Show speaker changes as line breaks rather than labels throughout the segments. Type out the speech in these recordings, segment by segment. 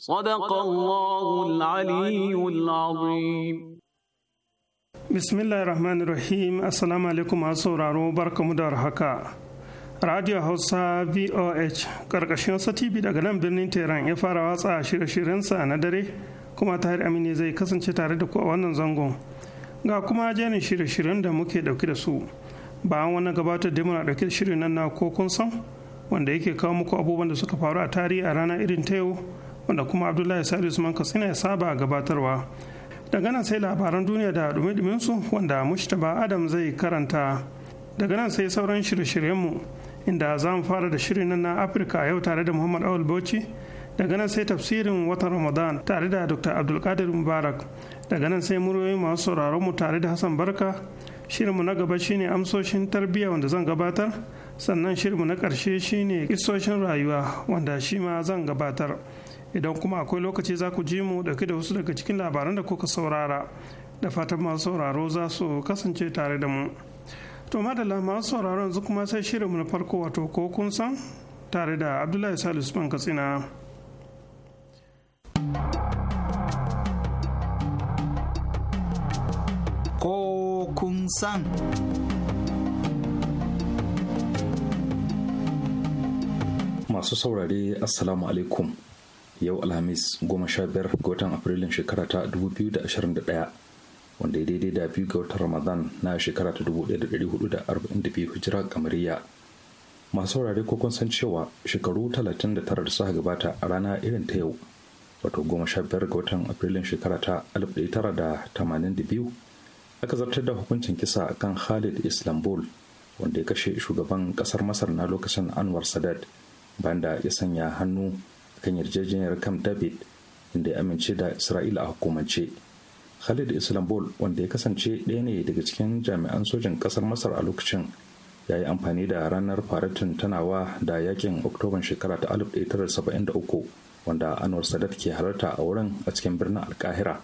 صدق الله العلي العظيم
bismillahir rahmanir rahim assalamu alaikum masu sauraro barkamu da haka radio hausa voh wasu tv daga nan birnin tehran ya fara watsa shirye-shiryensa na dare kuma tahir amini zai kasance tare da ku a wannan zangon ga kuma jerin shirye-shiryen da muke ɗauke da su bayan wannan gabatar da muna ɗauki da shirin nan na ko kun san wanda yake kawo muku abubuwan da suka faru a tarihi a rana irin ta yau wanda kuma abdullahi sari usman katsina ya saba gabatarwa daga nan sai labaran duniya da dumi su wanda mushtaba adam zai karanta daga nan sai sauran shirye-shiryenmu inda za mu fara da shirin nan na afirka a yau tare da muhammad awul bauchi daga nan sai tafsirin watan ramadan tare da dr abdulkadir mubarak daga nan sai muryoyi masu sauraron mu tare da hassan barka shirinmu na gaba shine amsoshin tarbiyya wanda zan gabatar sannan shirinmu na karshe shine isoshin rayuwa wanda shi ma zan gabatar idan kuma akwai lokaci za ku ji mu dauke da wasu daga cikin labaran da kuka saurara da fatan masu sauraro za su kasance tare da mu to madalla masu sauraro yanzu kuma sai shirinmu na farko wato ko kun san tare da abdullahi salisu usman katsina ko kun san
masu saurare assalamu alaikum yau alhamis goma sha biyar ga watan afrilun shekara ta 2021 wanda ya daidai da biyu ga watan ramadan na shekara ta 1442 hijira kamariya masu saurare ko kun san cewa shekaru 39 da suka gabata a rana irin ta yau wato goma sha biyar ga watan afrilun shekara ta 1982 aka zartar da hukuncin kisa kan khalid islambol wanda ya kashe shugaban kasar masar na lokacin anwar sadat banda ya sanya hannu kan yarjejeniyar kam david inda ya amince da isra'ila a hukumance khalid islambol wanda ya kasance ɗaya ne daga cikin jami'an sojin ƙasar masar a lokacin ya yi amfani da ranar faratin tanawa da yakin oktoban shekara ta 1973 wanda anwar sadat ke halarta a wurin a cikin birnin alkahira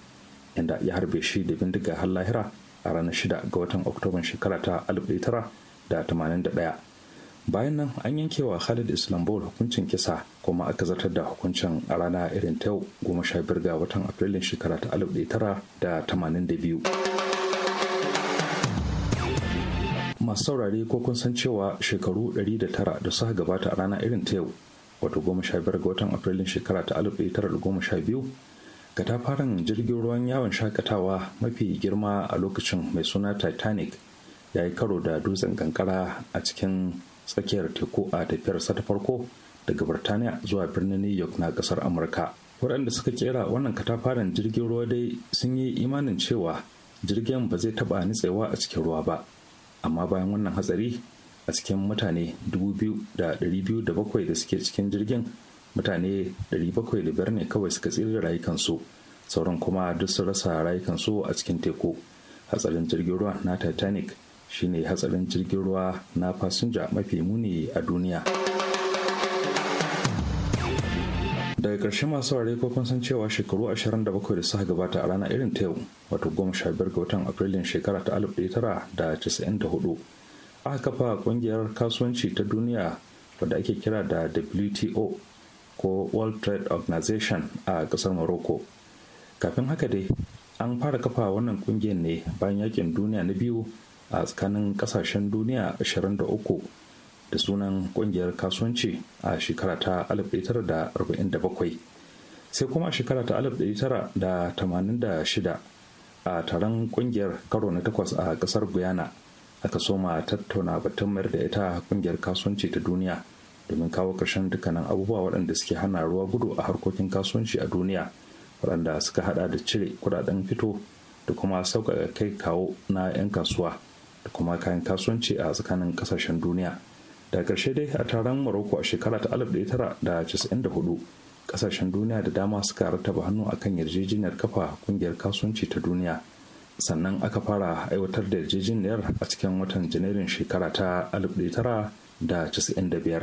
inda ya harbe shi da bindiga har lahira a ranar shida ga watan oktoban shekara ta 1981 bayan nan an yanke wa khalid islambol hukuncin kisa kuma aka zartar da hukuncin a rana irin ta yau goma sha biyar ga watan afrilun shekara ta alif tara da tamanin da biyu masu saurare ko kun san cewa shekaru 109 da suka gabata a rana irin ta yau wato goma sha biyar ga watan afrilun shekara ta alif tara da goma sha biyu katafaren jirgin ruwan yawon shakatawa mafi girma a lokacin mai suna titanic ya yi karo da dutsen kankara a cikin tsakiyar teku a tafiyarsa ta farko daga birtaniya zuwa birnin new york na kasar amurka waɗanda suka kera wannan katafaren jirgin ruwa dai sun yi imanin cewa jirgin ba zai taɓa nitsewa a cikin ruwa ba amma bayan wannan hatsari a cikin mutane 2,207 da suke cikin jirgin mutane 700 ne kawai suka tsira rayukansu sauran kuma duk su rasa rayukansu a cikin teku hatsarin jirgin ruwa na titanic shine hatsarin jirgin ruwa na fasinja mafi muni a duniya daga ƙarshe masu ware ko kun san cewa shekaru 27 da suka gabata a rana irin ta yau wato 15 ga watan afrilun shekara ta 1994 aka kafa ƙungiyar kasuwanci ta duniya wadda ake kira da wto ko world trade organization a ƙasar morocco kafin haka dai an fara kafa wannan ƙungiyar ne bayan yakin duniya na biyu a tsakanin kasashen duniya 23 da sunan kungiyar kasuwanci a shekara ta 1947 sai kuma a shekara ta 1986 a taron kungiyar karo na takwas a kasar guyana aka soma tattauna batun mayar da ita kungiyar kasuwanci ta duniya domin kawo ƙarshen dukkanin abubuwa waɗanda suke hana ruwa gudu a harkokin kasuwanci a duniya waɗanda suka hada da cire kudaden fito da kuma sauƙaƙa kai kawo na 'yan kasuwa da kuma kayan kasuwanci a tsakanin kasashen duniya da ƙarshe dai a taron morocco a shekara ta 1994 kasashen duniya da dama suka rataba hannu akan yarjejeniyar kafa ƙungiyar kasuwanci ta duniya sannan aka fara aiwatar da yarjejeniyar a cikin watan janairun shekara ta 1995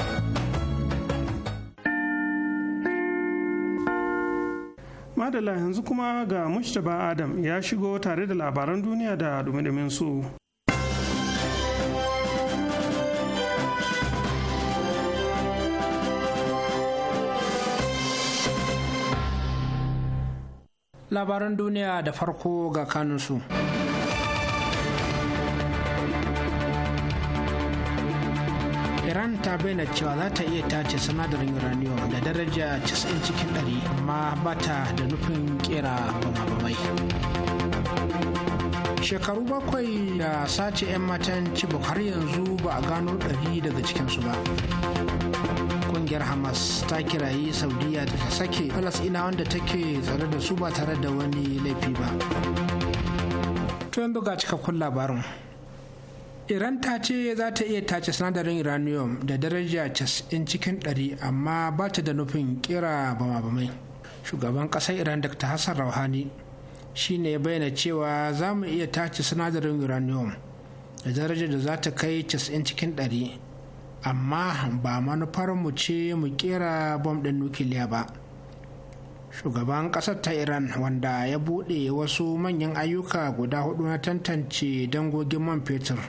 Madala yanzu kuma ga Mustapha Adam ya shigo tare da labaran duniya da dumi su.
Labaran duniya da farko ga kanunsu. iran ta bayyana cewa za ta iya tace sinadarin uranium da daraja 90 cikin 100 amma ba ta da nufin kera bamabamai shekaru bakwai da sace 'yan matan cibok har yanzu ba a gano 100 daga cikinsu ba kungiyar hamas ta kirayi saudiya da ta sake falasina wanda take tsare da su ba tare da wani laifi ba to yanzu ga cikakkun labarin iran ta ce za ta iya tace sinadarin uranium da daraja 90 cikin 100 amma ba ta da nufin kira bama-bamai shugaban kasar iran dr hassan rouhani shine bayyana cewa za mu iya tace sinadarin uranium da daraja da za ta kai 90 cikin 100 amma ba manufarmu ce mu kera bom ɗin nukiliya ba shugaban ƙasar ta iran wanda ya buɗe wasu manyan ayyuka guda hudu na tantance dangogin man fetur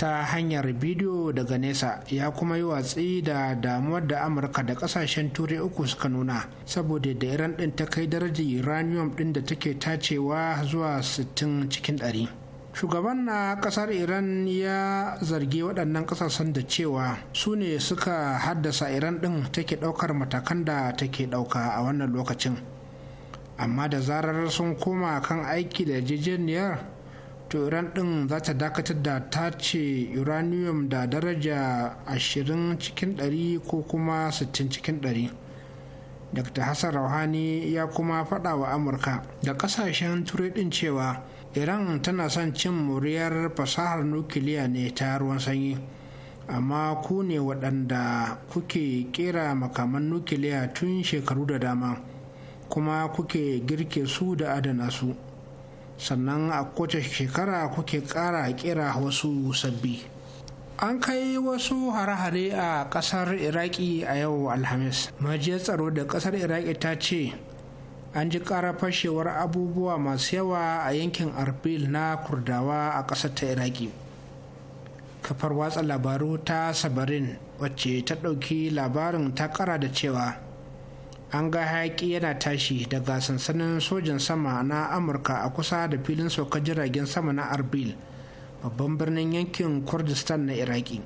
ta hanyar bidiyo daga nesa ya kuma yi watsi da damuwar da amurka da kasashen turai uku suka nuna saboda da iran din ta kai darajar uranium din da take tacewa zuwa 60 cikin 100 shugaban na kasar iran ya zargi waɗannan ƙasashen da cewa su ne suka haddasa iran din take ɗaukar matakan da take ɗauka a wannan lokacin amma da zarar sun koma kan aiki da yarjejeniyar to iran din za ta dakatar da tace uranium da daraja 20 cikin 100 ko kuma 60 cikin 100 dr hassan rauhani ya kuma faɗa wa amurka da ƙasashen turai ɗin cewa iran tana son cin muryar fasahar nukiliya ne ta ruwan sanyi amma ku ne waɗanda kuke ƙera makaman nukiliya tun shekaru da dama kuma kuke girke su da adana su sannan a kowace shekara kuke ƙara kira wasu sabbi an kai wasu hare-hare a ƙasar iraki a yau alhamis majiyar tsaro da ƙasar iraki ta ce an ji ƙara fashewar abubuwa masu yawa a yankin arbil na kurdawa a ƙasar ta iraki kafar watsa labaru ta sabarin wacce ta ɗauki labarin ta ƙara da cewa an ga hayaki yana tashi daga sansanin sojan sama na amurka a kusa da filin saukar jiragen sama na arbil babban birnin yankin kurdistan na iraki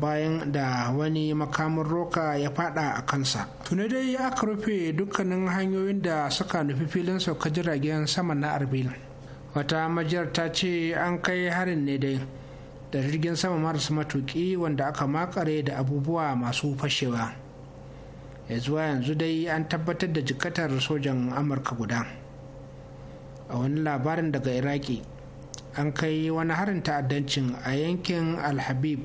bayan da wani makamin roka ya fada a kansa tuni dai aka rufe dukkanin hanyoyin da suka nufi filin sauka jiragen sama na arbil wata majiyar ta ce an kai harin ne dai da jirgin sama marasu matuki wanda aka makare da abubuwa masu fashewa ya zuwa yanzu dai an tabbatar da jikatar sojan amurka guda a wani labarin daga iraki an kai wani harin ta'addancin a yankin alhabib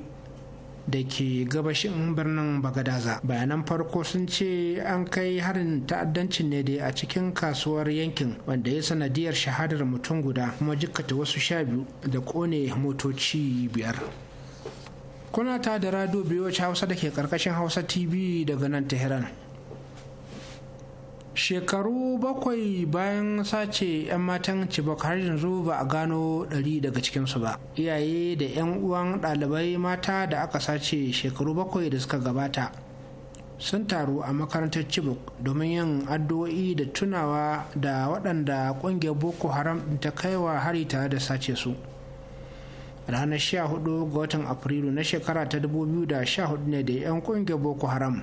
da ke gabashin birnin bagadaza bayanan farko sun ce an kai harin ta'addancin ne dai a cikin kasuwar yankin wanda ya sanadiyar shahadar mutum guda kuma jikkata wasu sha biyu da kone motoci biyar kuna ta da biyu biyoci hausa da ke karkashin hausa tv daga nan tehran shekaru bakwai bayan sace 'yan matan cibok har yanzu ba a gano ɗari daga cikinsu ba iyaye da 'yan uwan ɗalibai mata da aka sace shekaru bakwai da suka gabata sun taru a makarantar cibok domin yin addu'o'i da tunawa da waɗanda ƙungiyar boko haram ta kaiwa hari tare da sace su ranar 14 ga watan afrilu na shekara ta 2014 ne da 'yan kungiyar boko haram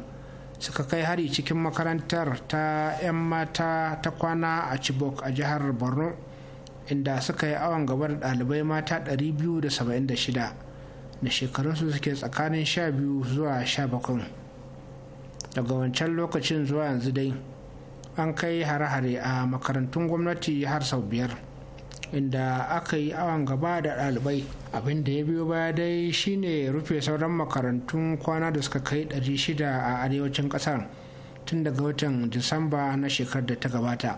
suka kai hari cikin makarantar ta 'yan mata ta kwana a chibok a jihar borno inda suka yi awon gaba da ɗalibai mata 276 da shekarunsu suke tsakanin 12 zuwa 17 daga wancan lokacin zuwa yanzu dai an kai hare-hare a makarantun gwamnati har sau biyar. inda aka yi awon gaba da ɗalibai abinda ya biyo baya dai shine rufe sauran makarantun kwana da suka kai 600 a arewacin ƙasar tun daga watan disamba na shekarar da ta gabata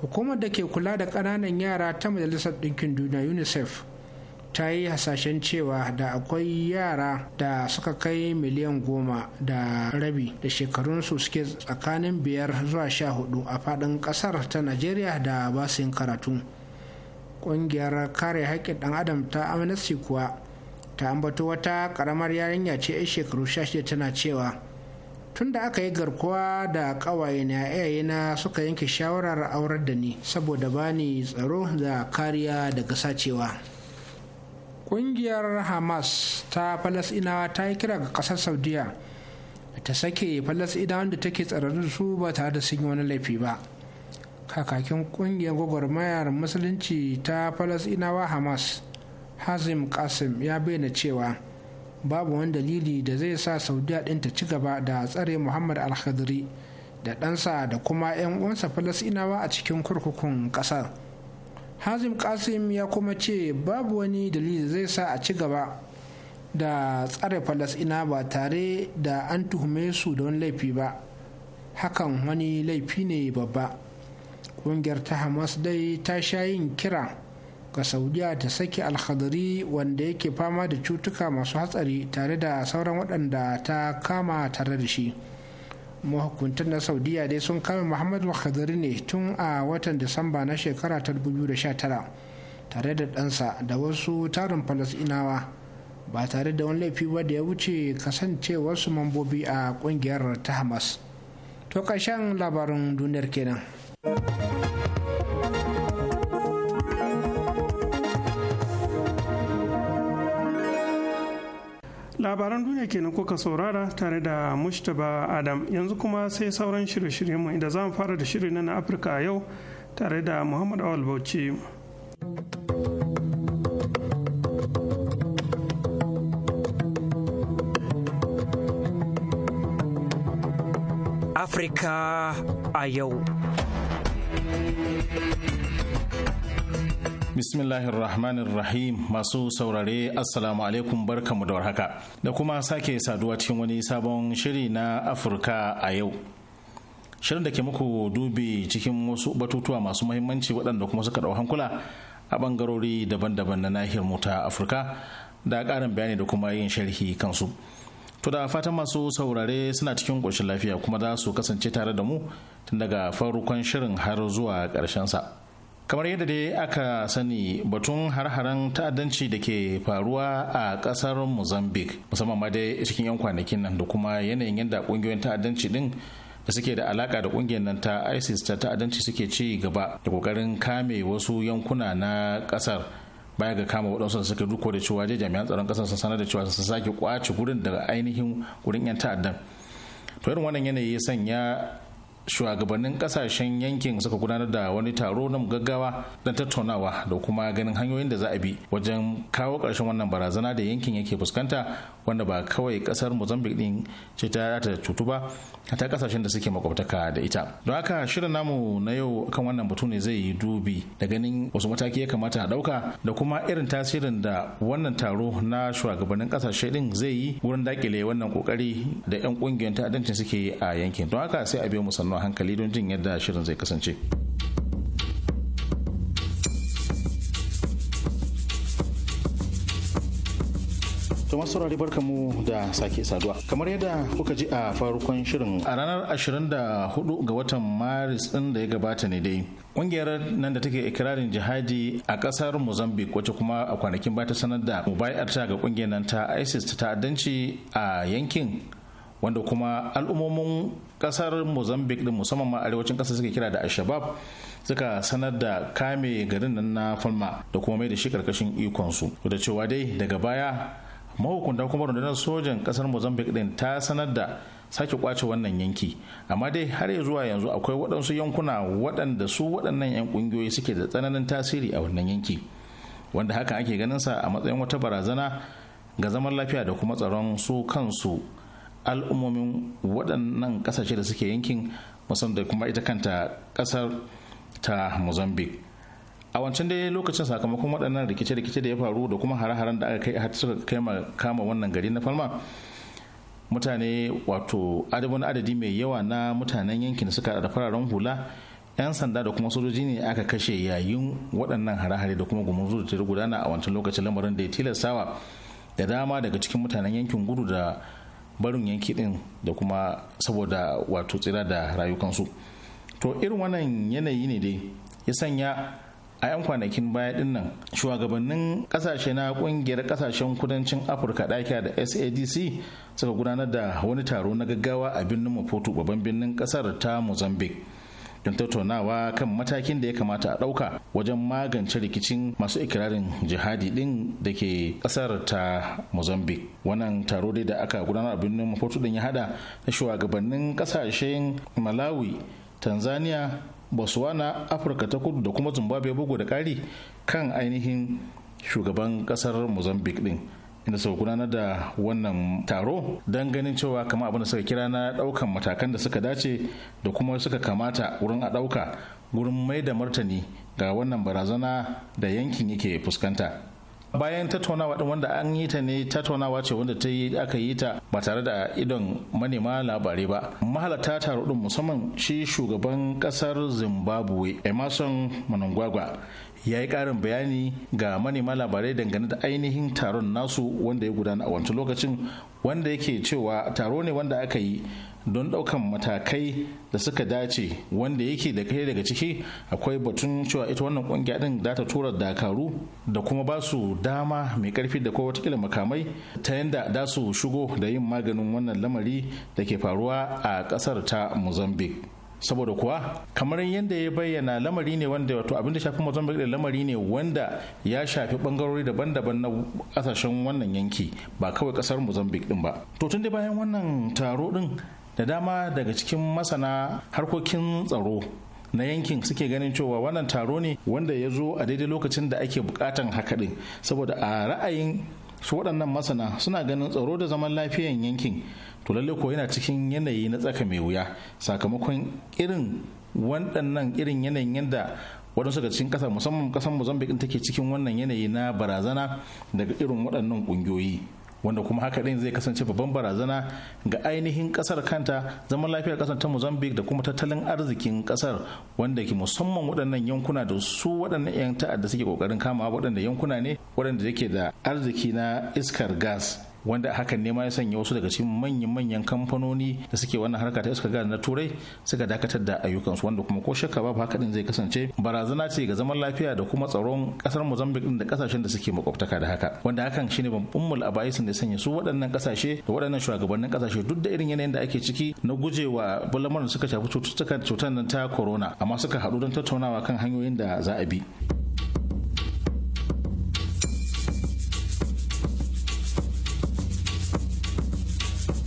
hukumar da ke kula da ƙananan yara ta majalisar ɗinkin duniya unicef ta yi hasashen cewa da akwai yara da suka kai miliyan goma da rabi da shekarunsu suke tsakanin biyar zuwa sha hudu a faɗin ƙasar ta najeriya da basu yin karatu ƙungiyar kare haƙƙin ɗan adam ta amnesty kuwa ta ambato wata ƙaramar yarinya ce 'yan shekaru 16 tana cewa tun da aka yi garkuwa da ƙawaye na iyayena suka yanke shawarar aurar da ni saboda bani tsaro da kariya daga sacewa ƙungiyar hamas ta falasinawa ta yi kira ga ƙasar saudiya ta sake falasinawa da take tsararru su ba tare da sun yi wani laifi ba kakakin kungiyar gwagwarmayar musulunci ta falasinawa hamas hazim kasim ya bayyana cewa babu wani dalili da zai sa saudiya ɗin ta ci gaba da tsare muhammad alhadri da ɗansa da kuma 'yan uwansa falasinawa a cikin kurkukun ƙasar hazim kasim ya kuma ce babu wani dalili da zai sa a ci gaba da tsare falasina ba tare da an tuhume su da wani laifi ba hakan wani laifi ne babba ƙungiyar ta hamas dai ta sha yin kira ga saudiya ta saki alhadari wanda yake fama da cutuka masu hatsari tare da sauran waɗanda ta kama tare da shi mahukuntan na saudiya dai sun kame muhammadu alhadari ne tun a watan disamba na shekara ta 2019 tare da ɗansa da wasu tarin falasinawa ba tare da wani laifi ba da ya wuce kasancewarsu mambobi a ƙungiyar ta hamas to ƙarshen labarin duniyar kenan. labaran
duniya kenan kuka saurara tare da mushtaba adam yanzu kuma sai sauran shirye mu inda za mu fara da shirin na afirka a yau tare da muhammad awal bauchi
afirka a yau
Bismillahirrahmanirrahim masu saurare assalamu alaikum barkamu da warhaka da kuma sake saduwa cikin wani sabon shiri na Afirka a yau. Shirin da ke muku dubi cikin wasu batutuwa masu mahimmanci waɗanda kuma suka ɗau hankula a ɓangarori daban-daban na nahiyar mu ta Afirka da ƙarin bayani da kuma yin sharhi kansu. To da fatan masu saurare suna cikin ƙoshin lafiya kuma za su kasance tare da mu tun daga farkon shirin har zuwa ƙarshen sa. Kamar yadda dai aka sani batun har-haren ta'addanci da ke faruwa a ƙasar Mozambique musamman ma dai cikin 'yan kwanakin nan da kuma yanayin yadda ƙungiyoyin ta'addanci din da suke da alaka da ƙungiyar nan ta isis ta ta'addanci suke ci gaba da ƙoƙarin kame wasu yankuna na ƙasar. baya ga kama waɗansu da suka duko da cewa je jami'an tsaron ƙasar sun sanar da cewa sun sake kwace gurin daga ainihin gurin 'yan ta'addan to irin wannan yanayi ya sanya shugabannin kasashen yankin suka gudanar da wani taro na gaggawa don tattaunawa da kuma ganin hanyoyin da za a bi wajen kawo ƙarshen wannan barazana da yankin yake fuskanta wanda ba kawai ƙasar mozambique din ce ta ta cutu ba ta kasashen da suke makwabtaka da ita don haka shirin namu na yau kan wannan batu ne zai yi dubi da ganin wasu mataki ya kamata a ɗauka da kuma irin tasirin da wannan taro na shugabannin kasashe din zai yi wurin daƙile wannan kokari da 'yan kungiyar ta'addancin suke a yankin don haka sai a biyo musamman sannu hankali don jin yadda shirin zai kasance. kuma masu saurari mu da sake saduwa. Kamar yadda kuka ji a farkon shirin a ranar 24 ga watan Maris din da ya gabata ne dai. Ƙungiyar nan da take ikirarin jihadi a ƙasar Mozambique wacce kuma a kwanakin bata sanar da ta ga ƙungiyar nan ta ISIS ta ta'addanci a yankin wanda kuma al'ummomin kasar mozambique din musamman ma arewacin kasar suke kira da alshabab suka sanar da kame garin nan na falma da kuma mai da shi karkashin ikonsu da cewa dai daga baya mahukunta kuma rundunar sojan kasar mozambique din ta sanar da sake kwace wannan yanki amma dai har ya zuwa yanzu akwai waɗansu yankuna waɗanda su waɗannan 'yan ƙungiyoyi suke da tsananin tasiri a wannan yanki wanda haka ake ganin sa a matsayin wata barazana ga zaman lafiya da kuma tsaron su kansu al'ummomin waɗannan ƙasashe da suke yankin musamman da kuma ita kanta ƙasar ta mozambique a wancan dai lokacin sakamakon waɗannan rikice-rikice da ya faru da kuma hare-haren da aka kai har suka kai kama wannan gari na falma mutane wato adabin adadi mai yawa na mutanen yankin suka da fararen hula 'yan sanda da kuma sojoji ne aka kashe yayin waɗannan hare-hare da kuma gumurzu da ta gudana a wancan lokacin lamarin da ya tilastawa da dama daga cikin mutanen yankin gudu da barin yanki din da kuma saboda wato tsira da rayukansu to irin wannan yanayi ne dai ya sanya a 'yan kwanakin baya din nan shugabannin kasashe na kungiyar kasashen kudancin afirka dakiya da sadc suka gudanar da wani taro na gaggawa a birnin maputo babban birnin kasar ta mozambique don tattaunawa kan matakin da ya kamata a ɗauka wajen magance rikicin masu ikirarin jihadi ɗin da ke ƙasar ta Mozambique. Wannan taro dai da aka gudanar a birnin Maputo ɗin ya hada na shugabannin ƙasashen Malawi, Tanzania, Botswana, Afirka ta kudu da kuma Zimbabwe bugu da ƙari kan ainihin shugaban ƙasar Mozambique ɗin. inda suka gudanar da wannan taro don ganin cewa kama abin da suka kira na daukan matakan da suka dace da kuma suka kamata wurin a dauka wurin mai da martani ga wannan barazana da yankin yake fuskanta bayan tattaunawa din wanda an yi ta ne tattaunawa ce wanda ta yi aka yi ta ba tare da idon manema labarai ba mahalarta taro din musamman shi shugaban kasar zimbabwe emerson manangwagwa ya yi karin bayani ga manema labarai dangane da ainihin taron nasu wanda ya gudana a wancan lokacin wanda yake cewa taro ne wanda aka yi don daukan matakai da suka dace wanda yake da kai daga ciki akwai batun cewa ita wannan kungiya din za ta tura dakaru da kuma ba su dama mai karfi da kowa watakila makamai ta yadda za su shigo da yin maganin wannan lamari da ke faruwa a kasar ta mozambique saboda kuwa kamar yadda ya bayyana lamari ne wanda wato abinda shafi mozambique da lamari ne wanda ya shafi bangarori daban-daban na kasashen wannan yanki ba kawai kasar mozambique din ba to tun da bayan wannan taro din da dama daga cikin masana harkokin tsaro na yankin suke ganin cewa wannan taro ne wanda ya zo a daidai lokacin da ake bukatan haka din saboda a ra'ayin su waɗannan masana suna ganin tsaro da zaman lafiyan yankin to lalle ko yana cikin yanayi na tsaka mai wuya sakamakon irin waɗannan irin yanayin yadda waɗansu ga cikin ƙasar musamman ƙasar mozambique take cikin wannan yanayi na barazana daga irin waɗannan ƙungiyoyi wanda kuma haka din zai kasance babban barazana ga ainihin kasar kanta zaman lafiyar kasar ta mozambique da kuma tattalin arzikin kasar wanda ke musamman waɗannan yankuna da su waɗannan 'yan ta'adda suke kokarin kama waɗanda yankuna ne waɗanda yake da arziki na iskar gas wanda hakan ne ma ya sanya wasu daga cikin manyan-manyan kamfanoni da suke wannan harka ta iska gane na turai suka dakatar da ayyukansu wanda kuma ko shakka babu haka din zai kasance barazana ce ga zaman lafiya da kuma tsaron kasar Mozambique din da kasashen da suke makwabtaka da haka wanda hakan shine babban abayisin da sanya su waɗannan kasashe da waɗannan shugabannin kasashe duk da irin yanayin da ake ciki na gujewa bulamarin suka shafi cututtukan cutar nan ta corona amma suka haɗu don tattaunawa kan hanyoyin da za a bi.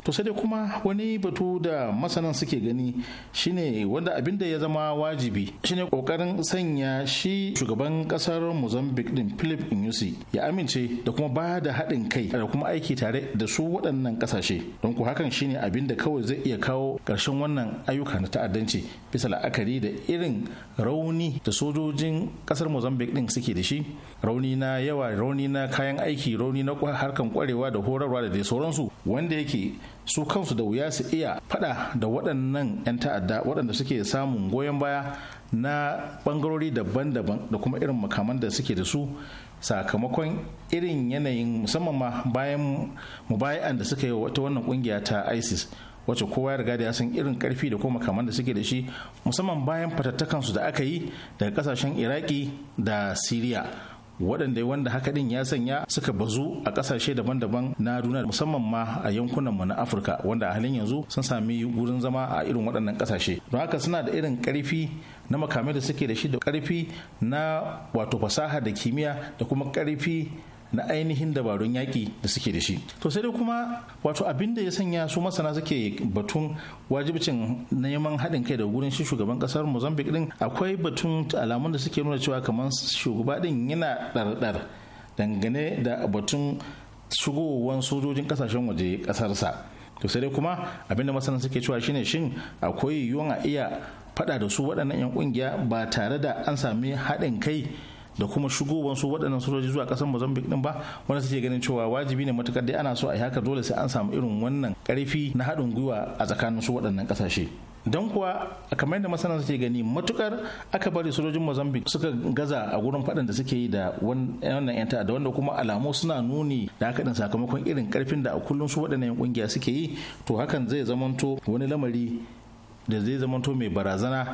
to sai dai kuma wani batu da masanan suke gani shine wanda abin da ya zama wajibi shine kokarin sanya shi shugaban kasar mozambique din philip inyusi ya amince da kuma ba da haɗin kai da kuma aiki tare da su waɗannan ƙasashe don ku hakan shine abin da kawai zai iya kawo ƙarshen wannan ayyuka na ta'addanci bisa la'akari da irin rauni da sojojin ƙasar mozambique din suke da shi rauni na yawa rauni na kayan aiki rauni na harkan kwarewa da horarwa da dai sauransu wanda yake su kansu da wuya su iya fada da waɗannan 'yan ta'adda waɗanda suke samun goyon baya na ɓangarori daban-daban da kuma irin makaman da suke da su sakamakon irin yanayin musamman ma bayan mubayan da suka yi wata wannan kungiya ta isis wacce kowa ya riga da ya san irin karfi da kuma makaman da suke da shi musamman bayan fatattakansu da aka yi daga kasashen iraki da siriya waɗanda wanda haka din ya sanya suka bazu a ƙasashe daban-daban na duniya musamman ma a yankunan mu na Afirka wanda a halin yanzu sun sami wurin zama a irin waɗannan ƙasashe don haka suna da irin ƙarfi na makamai da suke da shi da ƙarfi na wato fasaha da kimiyya da kuma ƙarfi na ainihin dabarun yaƙi da suke da shi to sai dai kuma wato abin da ya sanya su masana suke batun wajibcin neman haɗin kai da gurin shi shugaban ƙasar mozambique din akwai batun alamun da suke nuna cewa kamar shugaba din yana ɗarɗar dangane da batun shigowar sojojin ƙasashen waje ƙasarsa to sai dai kuma abinda masana suke cewa shine shin akwai yiwuwan a iya faɗa da su waɗannan 'yan ƙungiya ba tare da an sami haɗin kai da kuma shigowar su waɗannan sojoji zuwa ƙasar Mozambique din ba wanda suke ganin cewa wajibi ne matukar dai ana so a yi haka dole sai an samu irin wannan ƙarfi na haɗin gwiwa a tsakanin su waɗannan ƙasashe. don kuwa kamar yadda masana suke gani matukar aka bari sojojin mozambique suka gaza a gurin faɗin da suke yi da wannan yan ta'adda wanda kuma alamu suna nuni da haka din sakamakon irin karfin da a kullum su waɗannan kungiya suke yi to hakan zai zamanto wani lamari da zai zamanto mai barazana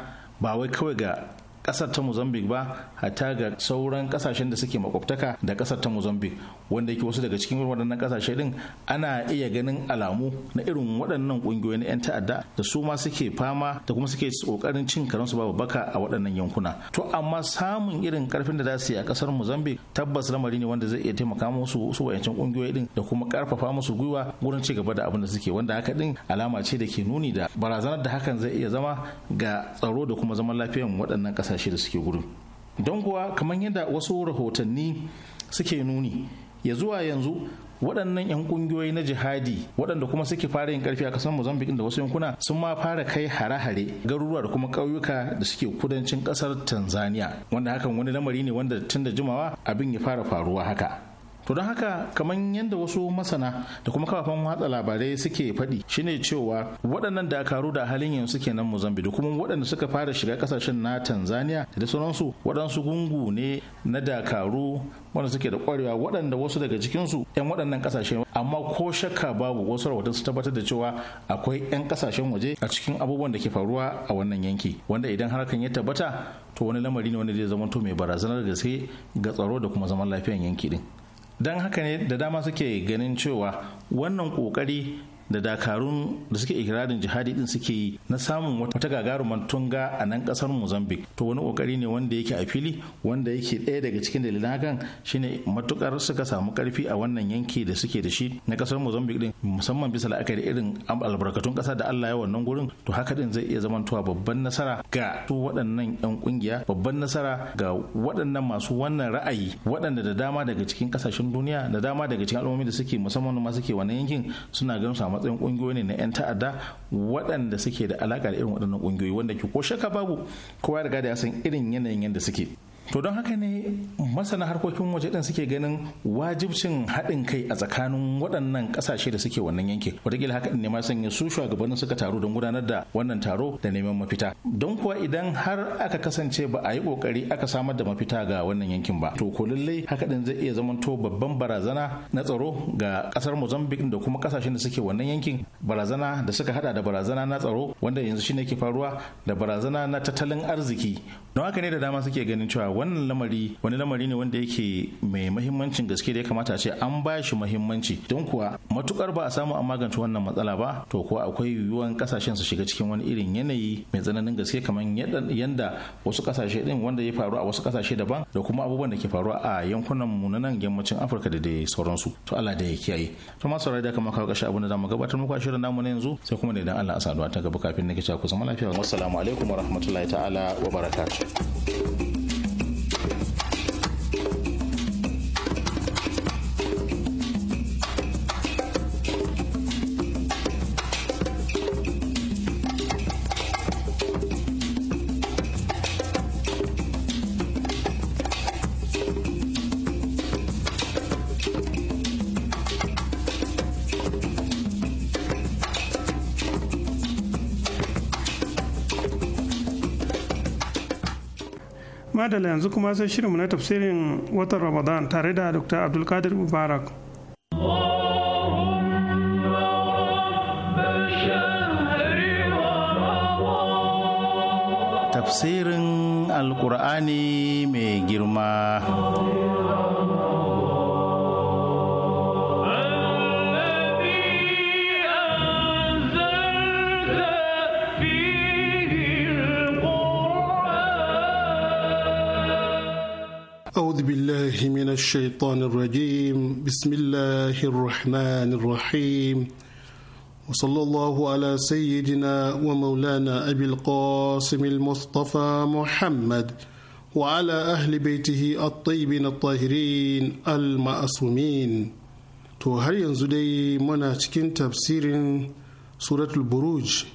ba wai kawai ga kasar ta mozambique ba hatta ga sauran kasashen da suke makwabtaka da kasar ta mozambique wanda yake wasu daga cikin waɗannan kasashe din ana iya ganin alamu na irin waɗannan ƙungiyoyi na 'yan ta'adda da su ma suke fama da kuma suke ƙoƙarin cin su babu baka a waɗannan yankuna to amma samun irin ƙarfin da za su yi a ƙasar Mozambique tabbas lamari ne wanda zai iya taimaka musu su wayancin ƙungiyoyi din da kuma ƙarfafa musu gwiwa gurin ci gaba da abin da suke wanda haka din alama ce da ke nuni da barazanar da hakan zai iya zama ga tsaro da kuma zaman lafiyar waɗannan ƙasashe da suke gurin don kuwa kamar yadda wasu rahotanni suke nuni ya zuwa yanzu waɗannan 'yan ƙungiyoyi na jihadi waɗanda kuma suke fara yin ƙarfi a ƙasar mozambique da wasu yankuna sun ma fara kai hare-hare garuruwa da kuma ƙauyuka da suke kudancin ƙasar tanzania wanda hakan wani lamari ne wanda tun da jimawa abin ya fara faruwa haka to don haka kamar yadda wasu masana da kuma kafafen watsa labarai suke faɗi shine cewa waɗannan dakaru da halin yanzu suke nan mozambique kuma waɗanda suka fara shiga ƙasashen na tanzania da sauransu waɗansu gungu ne na dakaru wanda suke da ƙwarewa waɗanda wasu daga cikinsu 'yan waɗannan ƙasashe amma ko shakka babu wasu rahoto su tabbatar da cewa akwai 'yan ƙasashen waje a cikin abubuwan da ke faruwa a wannan yanki wanda idan harkan ya tabbata to wani lamari ne wanda zai zama to mai barazanar gaske ga tsaro da kuma zaman lafiyan yanki din don haka ne da dama suke ganin cewa wannan kokari da dakarun da suke ikirarin jihadi din suke yi na samun wata gagarumar tunga a nan kasar mozambique to wani kokari ne wanda yake a fili wanda yake ɗaya daga cikin dalilan hakan shine matukar suka samu karfi a wannan yanki da suke da shi na kasar mozambique din musamman bisa la'akari irin albarkatun kasa da allah ya wannan gurin to haka din zai iya zamantowa babban nasara ga su waɗannan yan kungiya babban nasara ga waɗannan masu wannan ra'ayi waɗanda da dama daga cikin kasashen duniya da dama daga cikin al'ummomi da suke musamman ma suke wannan yankin suna ganin su matsayin kungiyoyi ne na 'yan ta'adda waɗanda suke da alaka da irin waɗannan kungiyoyi wanda ke ko shaka babu kowa ya riga da ya san irin yanayin yadda suke to don haka ne masana harkokin waje din suke ganin wajibcin haɗin kai a tsakanin waɗannan ƙasashe da suke wannan yanki wataƙila haka ne ma sanya su shugabannin suka taru don gudanar da wannan taro da neman mafita don kuwa idan har aka kasance ba a yi ƙoƙari aka samar da mafita ga wannan yankin ba to ko lallai haka din zai iya zamanto babban barazana na tsaro ga ƙasar Mozambique da kuma ƙasashen da suke wannan yankin barazana da suka hada da barazana na tsaro wanda yanzu shine ke faruwa da barazana na tattalin arziki don haka ne da dama suke ganin cewa wannan lamari wani lamari ne wanda yake mai mahimmancin gaske da ya kamata a ce an ba shi mahimmanci don kuwa matukar ba a samu a magance wannan matsala ba to kuwa akwai yiwuwan kasashen su shiga cikin wani irin yanayi mai tsananin gaske kamar yadda wasu kasashe din wanda ya faru a wasu kasashe daban da kuma abubuwan da ke faru a yankunan mu na nan yammacin Afirka da dai sauransu to Allah da ya kiyaye to masu rai da kama kawo kashi abin da zamu gabatar muku a shirin namu na yanzu sai kuma da idan Allah a saduwa ta gaba kafin nake cewa ku zama lafiya wassalamu alaikum warahmatullahi ta'ala wa barakatuh
madala yanzu kuma sai shirinmu na tafsirin watan ramadan tare da dr abdulkadir mubarak
tafsirin alkur'ani mai girma
أعوذ بالله من الشيطان الرجيم بسم الله الرحمن الرحيم وصلى الله على سيدنا ومولانا أبي القاسم المصطفى محمد وعلى أهل بيته الطيبين الطاهرين المأسومين to har yanzu dai muna cikin tafsirin suratul buruj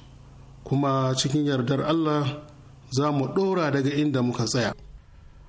kuma cikin yardar Allah za mu ɗora daga inda muka tsaya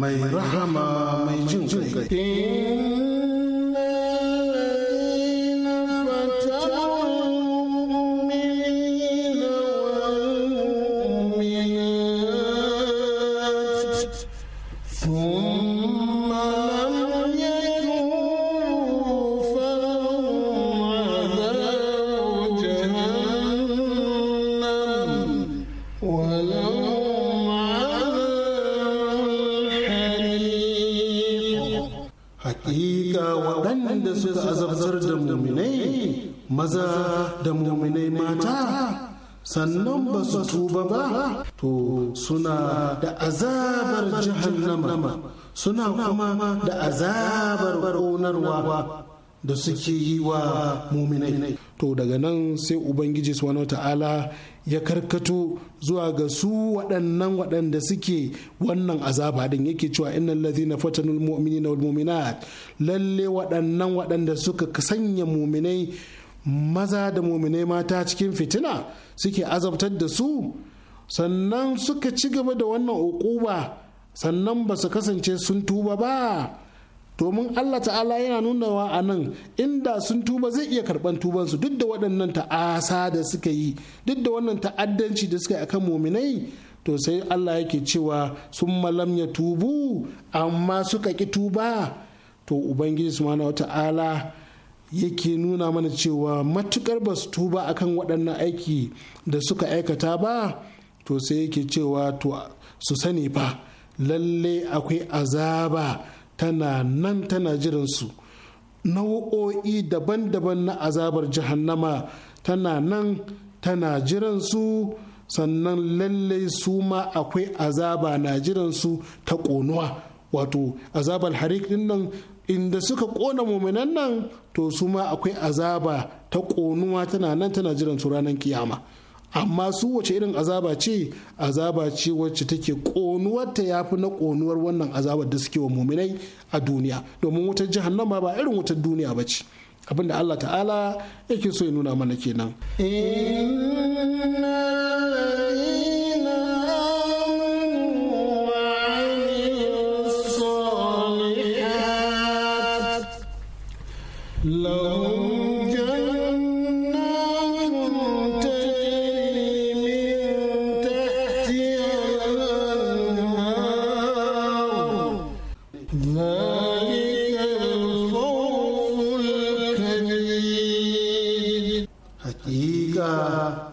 mai rahama mai jin kai maza da muminai mata sannan ba su tuba ba to suna da azabar jahannama suna kuma da azabar ƙonarwa da suke yi wa muminai to daga nan sai ubangiji subhanahu ta'ala ya karkato zuwa ga su waɗannan waɗanda suke wannan azaba din yake cewa innal ladhina fatanul mu'minina wal mu'minat lalle waɗannan waɗanda suka sanya muminai maza da mumine mata cikin fitina suke azabtar da su sannan suka ci gaba da wannan ukuba sannan ba su kasance sun tuba ba domin Allah ta'ala yana nunawa a nan inda sun tuba zai iya karban tubansu duk da waɗannan ta'asa da suka yi duk da wannan ta'addanci da suka yi akan muminai to sai Allah yake cewa sun malam ya tubu amma suka ki tuba to ubangiji subhanahu wata'ala yake nuna mana cewa matukar ba su tuba akan waɗannan aiki da suka aikata ba to sai yake cewa to su sani fa lalle akwai azaba tana nan tana jiransu nau'o'i daban-daban na azabar jahannama tana nan tana jiransu sannan lalle su ma akwai azaba na jiransu ta ƙonuwa wato azabar harik din nan inda suka kona muminan nan to su ma akwai azaba ta konuwa tana nan tana jiran su ranar kiyama amma su wace irin azaba ce azaba ce wacce take ta ya fi na konuwar wannan azabar da suke wa muminai a duniya domin wutar jahannama ba irin wutar duniya ba ce abinda Allah ta'ala yake so ya nuna mana kenan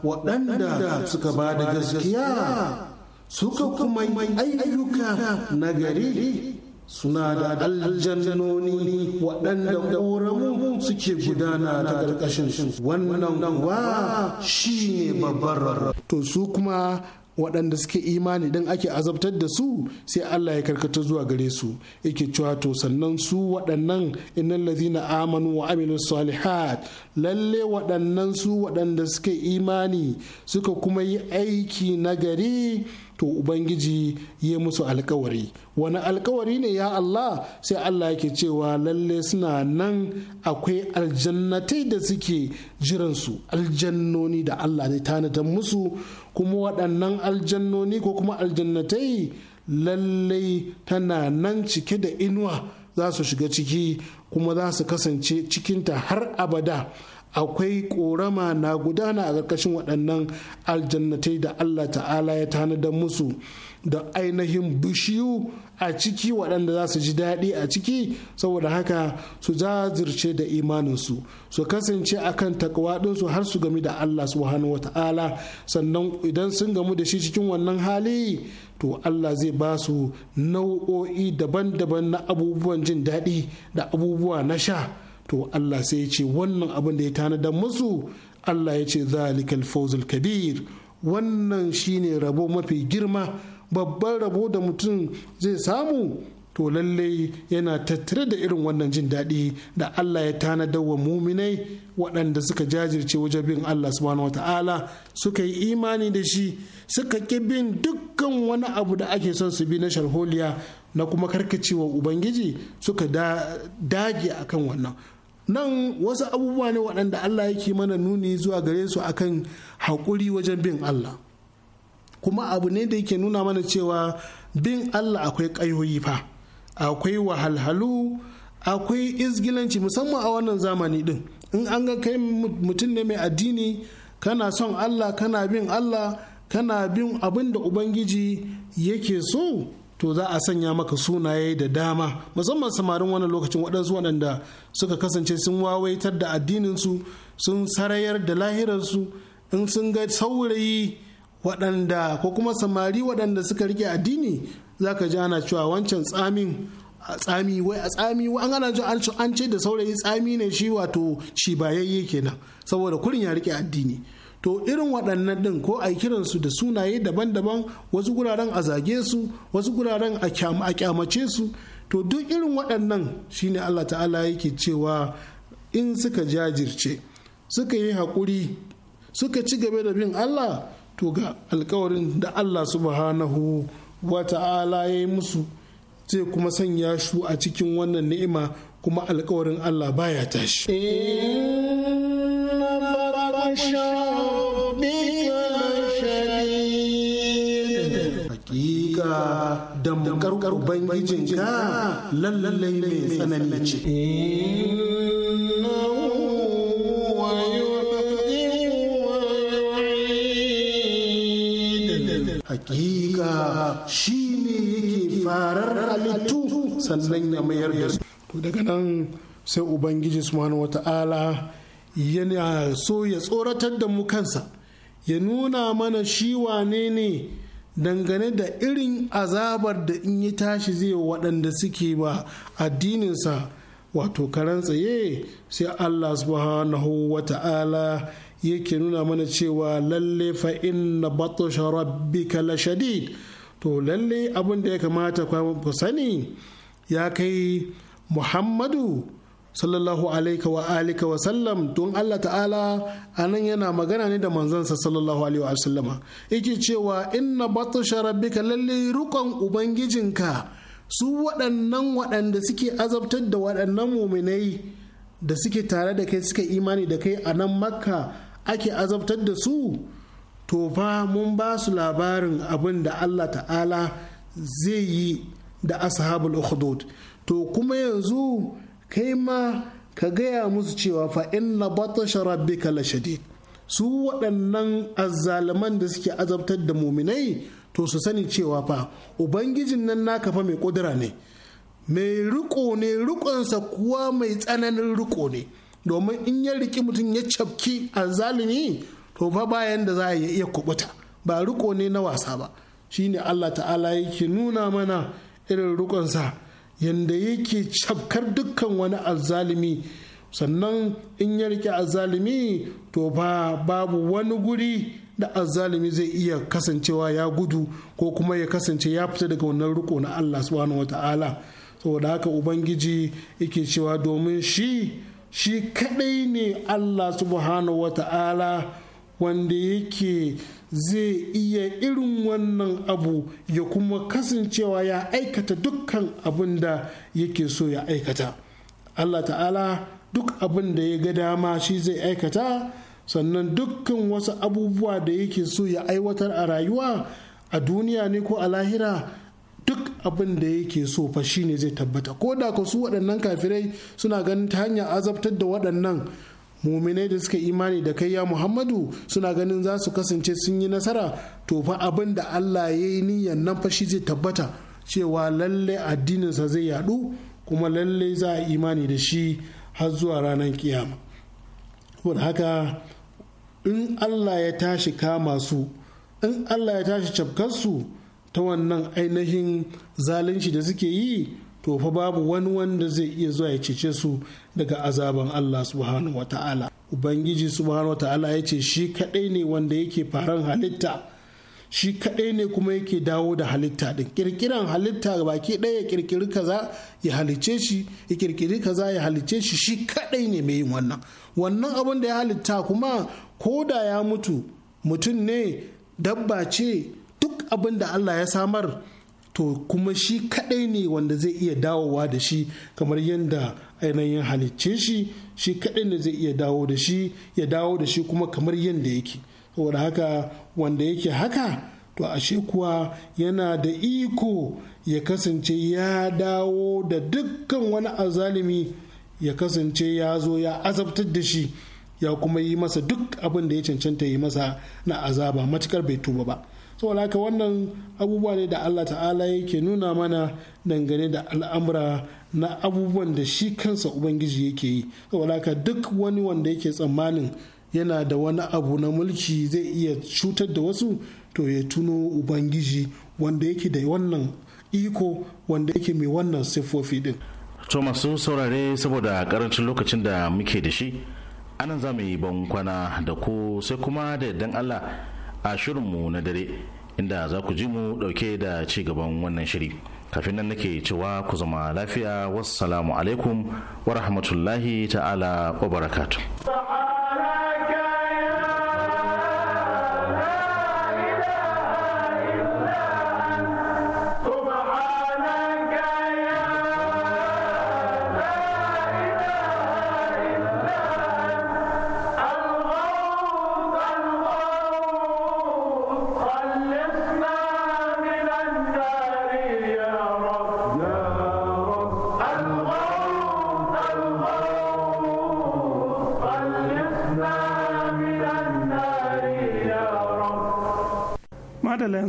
waɗanda suka ba da gaskiya suka kuma ayyuka na gari suna da aljannoni waɗanda ƙoramu suke gudana da ƙarƙashin wannan wa shi ne babbar to su kuma waɗanda suke imani don ake azabtar da su sai Allah ya karkata zuwa gare su yake cewa to sannan su waɗannan innal ladhina amanu wa Amina salihat lalle waɗannan su waɗanda suke imani suka kuma yi aiki nagari to ubangiji ya musu alkawari wani alkawari ne ya Allah sai Allah yake cewa lalle suna nan akwai aljannatai da suke jiransu aljannoni da Allah zai tanadar musu kuma waɗannan aljannoni ko kuma aljannatai lallai tana nan cike da inuwa za su shiga ciki kuma za su kasance cikinta har abada akwai korama na gudana a ƙarƙashin waɗannan aljannatai da Allah ta'ala ya tanadar musu da ainihin bishiyu a ciki waɗanda za su ji daɗi a ciki saboda haka su jazirce da imaninsu su kasance akan kan ɗinsu har su gami da Allah subhanahu wata'ala sannan idan sun gamu da shi cikin wannan hali to Allah zai ba su nau'o'i daban-daban na abubuwan jin daɗi da abubuwa na sha to Allah sai ya ce wannan abin da ya tanada musu Allah ya ce zalikal fawzul kabir wannan shine rabo mafi girma babban rabo da mutum zai samu to lallai yana tattare da irin wannan jin daɗi da Allah ya tanada wa muminai waɗanda suka jajirce wajen bin Allah subhanahu wata'ala suka yi imani da shi suka ƙi bin dukkan wani abu da ake son su bi na sharholiya na kuma karkacewa ubangiji suka dage akan wannan nan wasu abubuwa ne waɗanda Allah yake mana nuni zuwa gare su akan haƙuri wajen bin Allah kuma abu ne da yake nuna mana cewa bin Allah akwai ƙayoyi fa akwai wahalhalu akwai izgilanci musamman a wannan zamani din in an ga kai mutum ne mai addini kana son Allah kana bin Allah kana bin abin da Ubangiji yake so to za a sanya maka sunaye da dama musamman samarin wannan lokacin waɗansu waɗanda suka kasance sun wawaitar da addininsu sun sarayar da lahirarsu in sun ga saurayi waɗanda ko kuma samari waɗanda suka rike addini za ka ji ana cewa wancan tsamin a tsami wai a tsami wai an ana an ce da saurayi tsami ne shi wato shi bayayye kenan saboda kurin ya rike addini to irin waɗannan ɗin ko a kiransu da sunaye daban-daban wasu guraren a zage su wasu guraren a kyamace su to duk irin waɗannan shine Allah ta'ala yake cewa in suka jajirce suka yi haƙuri suka ci gaba da bin Allah to ga alkawarin da Allah subhanahu wa ta'ala ya yi musu zai kuma sanya shu a cikin wannan ni'ima kuma alkawarin Allah baya
tashi.
damkar ka lallai mai tsanani ce hakika shi ne yake farar halittu sannan ya mayar da su daga nan sai ubangiji wata wata'ala yana so ya tsoratar da mu kansa ya nuna mana shi wane ne dangane da irin azabar da in yi tashi zai waɗanda suke ba addininsa wato karan tsaye sai Allah subhanahu wa ta'ala yake nuna mana cewa lalle fa inna batu rabbika la shadid to lalle abin da ya kamata ku sani ya kai Muhammadu sallallahu alaihi wa alika wa sallam don Allah ta'ala anan yana magana ne da sa sallallahu alaihi wa sallama yake cewa inna batsha rabbika lalle rukan ubangijinka su waɗannan waɗanda suke azabtar da waɗannan muminai da suke tare da kai suke imani da kai a nan makka ake azabtar da su to fa mun ba su labarin abin da Allah ta'ala zai yi da ashabul ukhdud to kuma yanzu kai ma ka gaya musu cewa fa inna batasha rabbika la shadid su waɗannan azzaliman da suke azabtar da muminai to su sani cewa fa ubangijin nan naka fa mai kudura ne mai riko ne rikonsa kuwa mai tsananin riko ne domin in ya riki mutum ya cafki azzalimi to fa bayan da za a iya kubuta ba riko ne na wasa ba shine Allah ta'ala yake nuna mana irin rikonsa yanda yake cafkar dukkan wani alzalimi sannan in ya rike azalimi to ba babu wani guri da azalimi zai iya kasancewa ya gudu ko kuma ya kasance ya fita daga wannan riko na Allah subhanahu wata'ala saboda haka ubangiji yake cewa domin shi shi kadai ne Allah subhanahu wata'ala wanda yake zai iya irin wannan abu ya kuma kasancewa ya aikata dukkan abin da yake so ya aikata Allah ta'ala duk abin da ya ga dama shi zai aikata sannan dukkan wasu abubuwa da yake so ya aiwatar a rayuwa a duniya ne ko a lahira duk abin da yake so fa ne zai tabbata ko da ka su waɗannan kafirai suna ganin ta hanyar azabtar da waɗannan muminai da suka imani da kai ya muhammadu suna ganin za su kasance sun yi nasara to fa abin da allah ya yi niyyar nan fashi zai tabbata cewa lalle addininsa zai yadu kuma lallai za a imani da shi har zuwa ranar kiyama saboda haka in allah ya tashi kama su in allah ya tashi cafkarsu ta wannan ainihin zalunci da suke yi to fa babu wani wanda zai iya zuwa ya cece su daga azaban Allah subhanahu wa ta'ala ubangiji subhanahu wa ta'ala ya ce shi kaɗai ne wanda yake faran halitta shi kaɗai ne kuma yake dawo da halitta din kirkiran halitta baki ɗaya ya kirkiri kaza ya halice shi ya kirkiri kaza ya halice shi shi kadai ne mai yin wannan wannan abin da ya halitta kuma ko da ya mutu mutum ne dabba ce duk abin da Allah ya samar to kuma shi kaɗai ne wanda zai iya dawowa da shi kamar yadda ainihin halicce shi shi kaɗai ne zai iya dawo da shi ya dawo da shi kuma kamar yadda yake saboda haka wanda yake haka to ashe kuwa yana da iko ya kasance ya dawo da dukkan wani azalimi ya kasance ya zo ya azabtar da shi ya kuma yi masa duk abin da ya cancanta yi masa na azaba matukar bai tuba ba saboda haka wannan abubuwa ne da Allah ta'ala yake nuna mana dangane da al'amura na abubuwan da shi kansa ubangiji yake yi saboda haka duk wani wanda yake tsammanin yana da wani abu na mulki zai iya cutar da wasu to ya tuno ubangiji wanda yake da wannan
iko wanda yake mai wannan siffofi din to masu saurare saboda karancin lokacin da muke da shi anan za mu yi ban kwana da ku sai kuma da yardan Allah a shirinmu na dare inda za ku ji mu dauke da ci gaban wannan shiri kafin nan nake cewa ku zama lafiya wassalamu alaikum wa rahmatullahi ta'ala wa barakatuh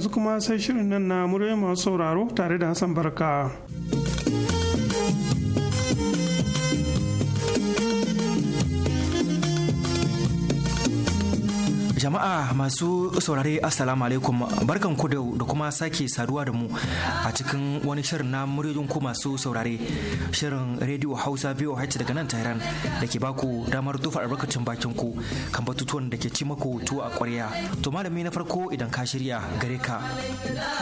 yanzu kuma sai shirin nan na murya masu sauraro tare da Hassan Barka.
Jama'a masu saurare Assalamu alaikum barkan ku da kuma sake saduwa da mu a cikin wani shirin na muryoyin ku masu saurare shirin Radio Hausa biyu haiti daga nan Tehran da ke baku damar tufa albarkacin bakin ku kan batutuwan da ke ci maku tuwo a kwarya To malami na farko idan ka shirya gare ka.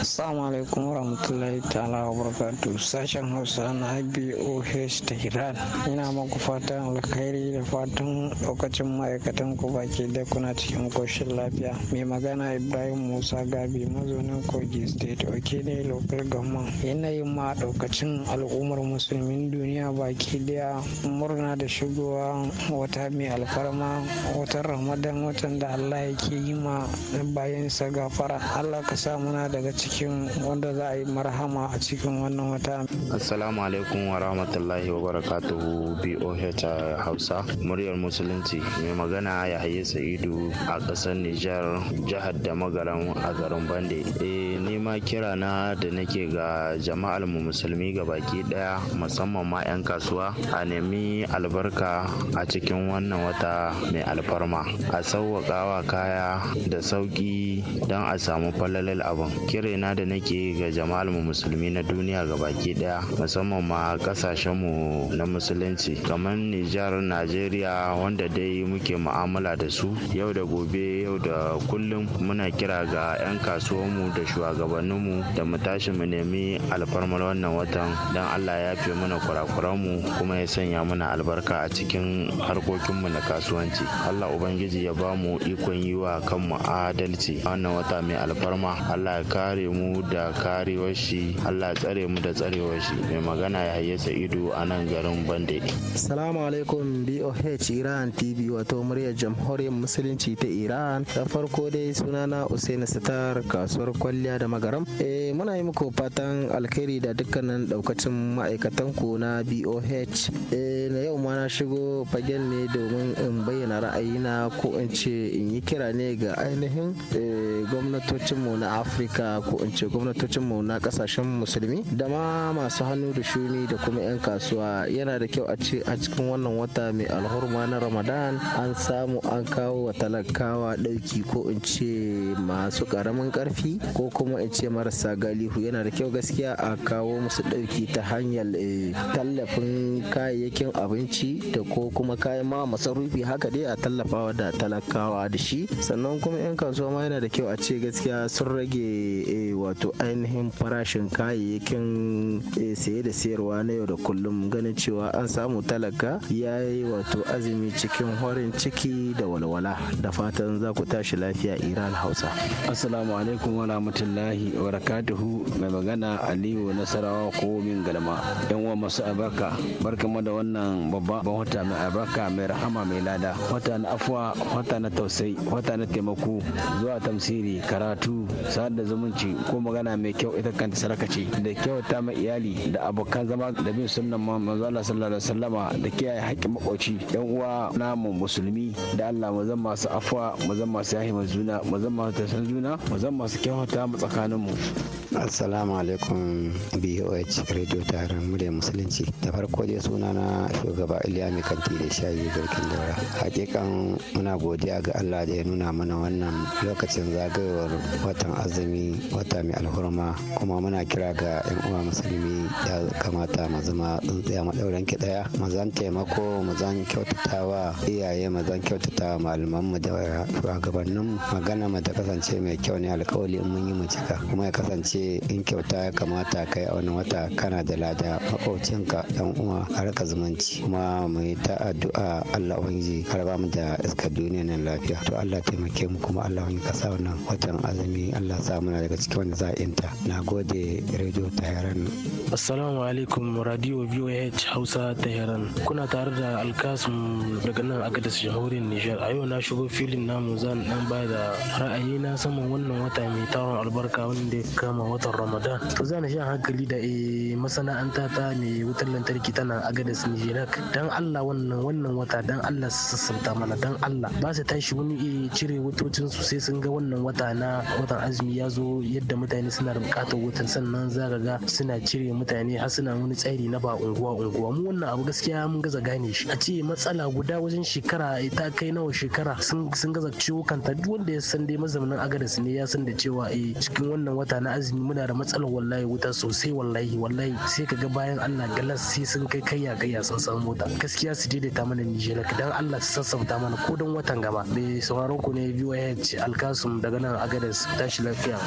Assalamu alaikum
rahmatullahi ta'ala wa barakatuh sashen Hausa na BOH Tehran ina maku fatan alkhairi da fatan lokacin ma'aikatan ku baki da kuna cikin koshin lafiya mai magana ibrahim musa gabi mazaunin kogi state oke ne local government yanayin ma ɗaukacin al'ummar musulmin duniya baki daya murna da shigowa wata mai alfarma watan ramadan watan da allah yake yi ma bayan sa gafara allah ka sa muna daga cikin wanda za a yi marhama a cikin wannan wata
assalamu alaikum wa rahmatullahi wa barakatuhu boh hausa muryar musulunci mai magana ya haye sa'idu a kasar Nijar jihar da magaran a garin Bande. Eh ma kira na da nake ga jama'ar mu musulmi baki daya musamman ma 'yan kasuwa a nemi albarka a cikin wannan wata mai alfarma. A sauwaƙawa kaya da sauƙi don a samu falalal abin. Kire na da nake ga jama'ar mu musulmi na duniya baki daya musamman ma ƙasashen mu na musulunci kamar Nijar Najeriya wanda dai muke mu'amala da su yau da gobe yau da kullum muna kira ga 'yan kasuwanmu da shugabanninmu da mu tashi mu nemi alfarmar wannan watan don Allah ya fi mana kurakuranmu kuma ya sanya mana albarka a cikin harkokinmu na kasuwanci. Allah Ubangiji ya ba mu ikon yi wa kanmu adalci wannan wata mai alfarma. Allah ya kare mu da karewar shi, Allah ya tsare mu da tsarewar shi. Mai magana ya hayyasa ido a nan garin Bande.
Salamu alaikum BOH Iran TV wato muryar jamhuriyar musulunci ta Ira. Iran ta farko dai sunana Usaini Sitar kasuwar kwalliya da magaram. E, muna yi muku fatan alkhairi da dukkanin daukacin ma'aikatan ku na BOH. E, eh, na yau ma na shigo fagen ne domin in bayyana ra'ayina ko in ce in yi kira ne ga ainihin e, gwamnatocinmu na Afirka ko in ce gwamnatocinmu na kasashen musulmi da ma masu hannu da shuni da kuma 'yan kasuwa yana da kyau a a cikin wannan wata mai alhurma na Ramadan an samu an kawo wa talakawa yawa ɗauki ko in ce masu ƙaramin ƙarfi ko kuma in ce marasa galihu yana da kyau gaskiya a kawo musu ɗauki ta hanyar eh, tallafin kayayyakin abinci da ko kuma kayan ma masarufi haka dai a tallafawa da talakawa da shi sannan kuma 'yan kasuwa ma yana da kyau a ce gaskiya sun rage eh, wato ainihin farashin kayayyakin eh, saye da sayarwa na yau da kullum ganin cewa an samu talaka ya yi wato azumi cikin horin ciki da walwala da fatan fatan za ku tashi lafiya Iran Hausa. Assalamu alaikum wa rahmatullahi wa barakatuhu mai magana Aliyu Nasarawa ko min galma. Yan uwa masu albarka barkamu da wannan babban wata mai albarka mai rahama mai lada wata na afuwa wata na tausayi wata na taimako zuwa tamsiri karatu sa'ad da zumunci ko magana mai kyau ita kanta saraka ce da kyauta ma iyali da abokan zama da bin sunnan manzo Allah sallallahu alaihi wasallama da kiyaye haƙƙin makoci yan uwa namu musulmi da Allah mu zama masu afuwa mazan masu yahi mai juna mazan masu tashan juna mazan masu kyauta mu tsakanin mu
assalamu alaikum boh radio taron murya musulunci da farko dai suna na shugaba iliya mai kanti da shayi garkin daura hakikan muna godiya ga allah da ya nuna mana wannan lokacin zagayowar watan azumi wata mai alhurma kuma muna kira ga yan uwa musulmi ya kamata mu zama tsuntsiya maɗaurin ki ɗaya mazan taimako mazan kyautatawa iyaye mazan kyautatawa malaman mu da shugabannin magana mu ta kasance mai kyau ne alkawali in mun yi mu cika kuma ya kasance in kyauta ya kamata kai a wani wata kana da lada makwabcinka yan uwa ka zumunci kuma mu yi ta addu'a Allah ubangiji har ba mu da iska duniya nan lafiya to Allah taimake mu kuma Allah wani ka sa wannan watan azumi Allah sa muna daga cikin wanda za a inta na gode radio tayaran
assalamu alaikum radio voh hausa tayaran kuna tare da alkasum daga nan agadis jamhuriyar nijar a yau na shigo filin na samu zan dan ba da ra'ayi na saman wannan wata mai taron albarka wanda ya kama watan Ramadan. To zan shan hankali da eh, masana'anta ta mai wutar lantarki tana agadas Nijirak. Dan Allah wannan wannan wata dan Allah su sassanta mana dan Allah ba su tashi wani eh, cire wutocin su sai sun ga wannan wata na watan azumi ya zo yadda mutane suna bukatar wutan sannan za ga suna cire mutane har suna wani tsari na ba unguwa unguwa mu wannan abu gaskiya mun gaza gane shi a ce matsala guda wajen shekara eh, ta kai nawa shekara sun gaza ciwo kanta ta duk wanda ya san dai mazaunin agadas ne ya san da cewa eh cikin wannan wata na azumi muna da matsalar wallahi wuta sosai wallahi wallahi sai kaga bayan Allah galas sai sun kai kayya kayya sun san mota gaskiya su daidaita mana Nijar dan Allah su sassauta mana ko dan watan gaba me sauraron ku ne VOH Alkasum daga nan agadas tashi lafiya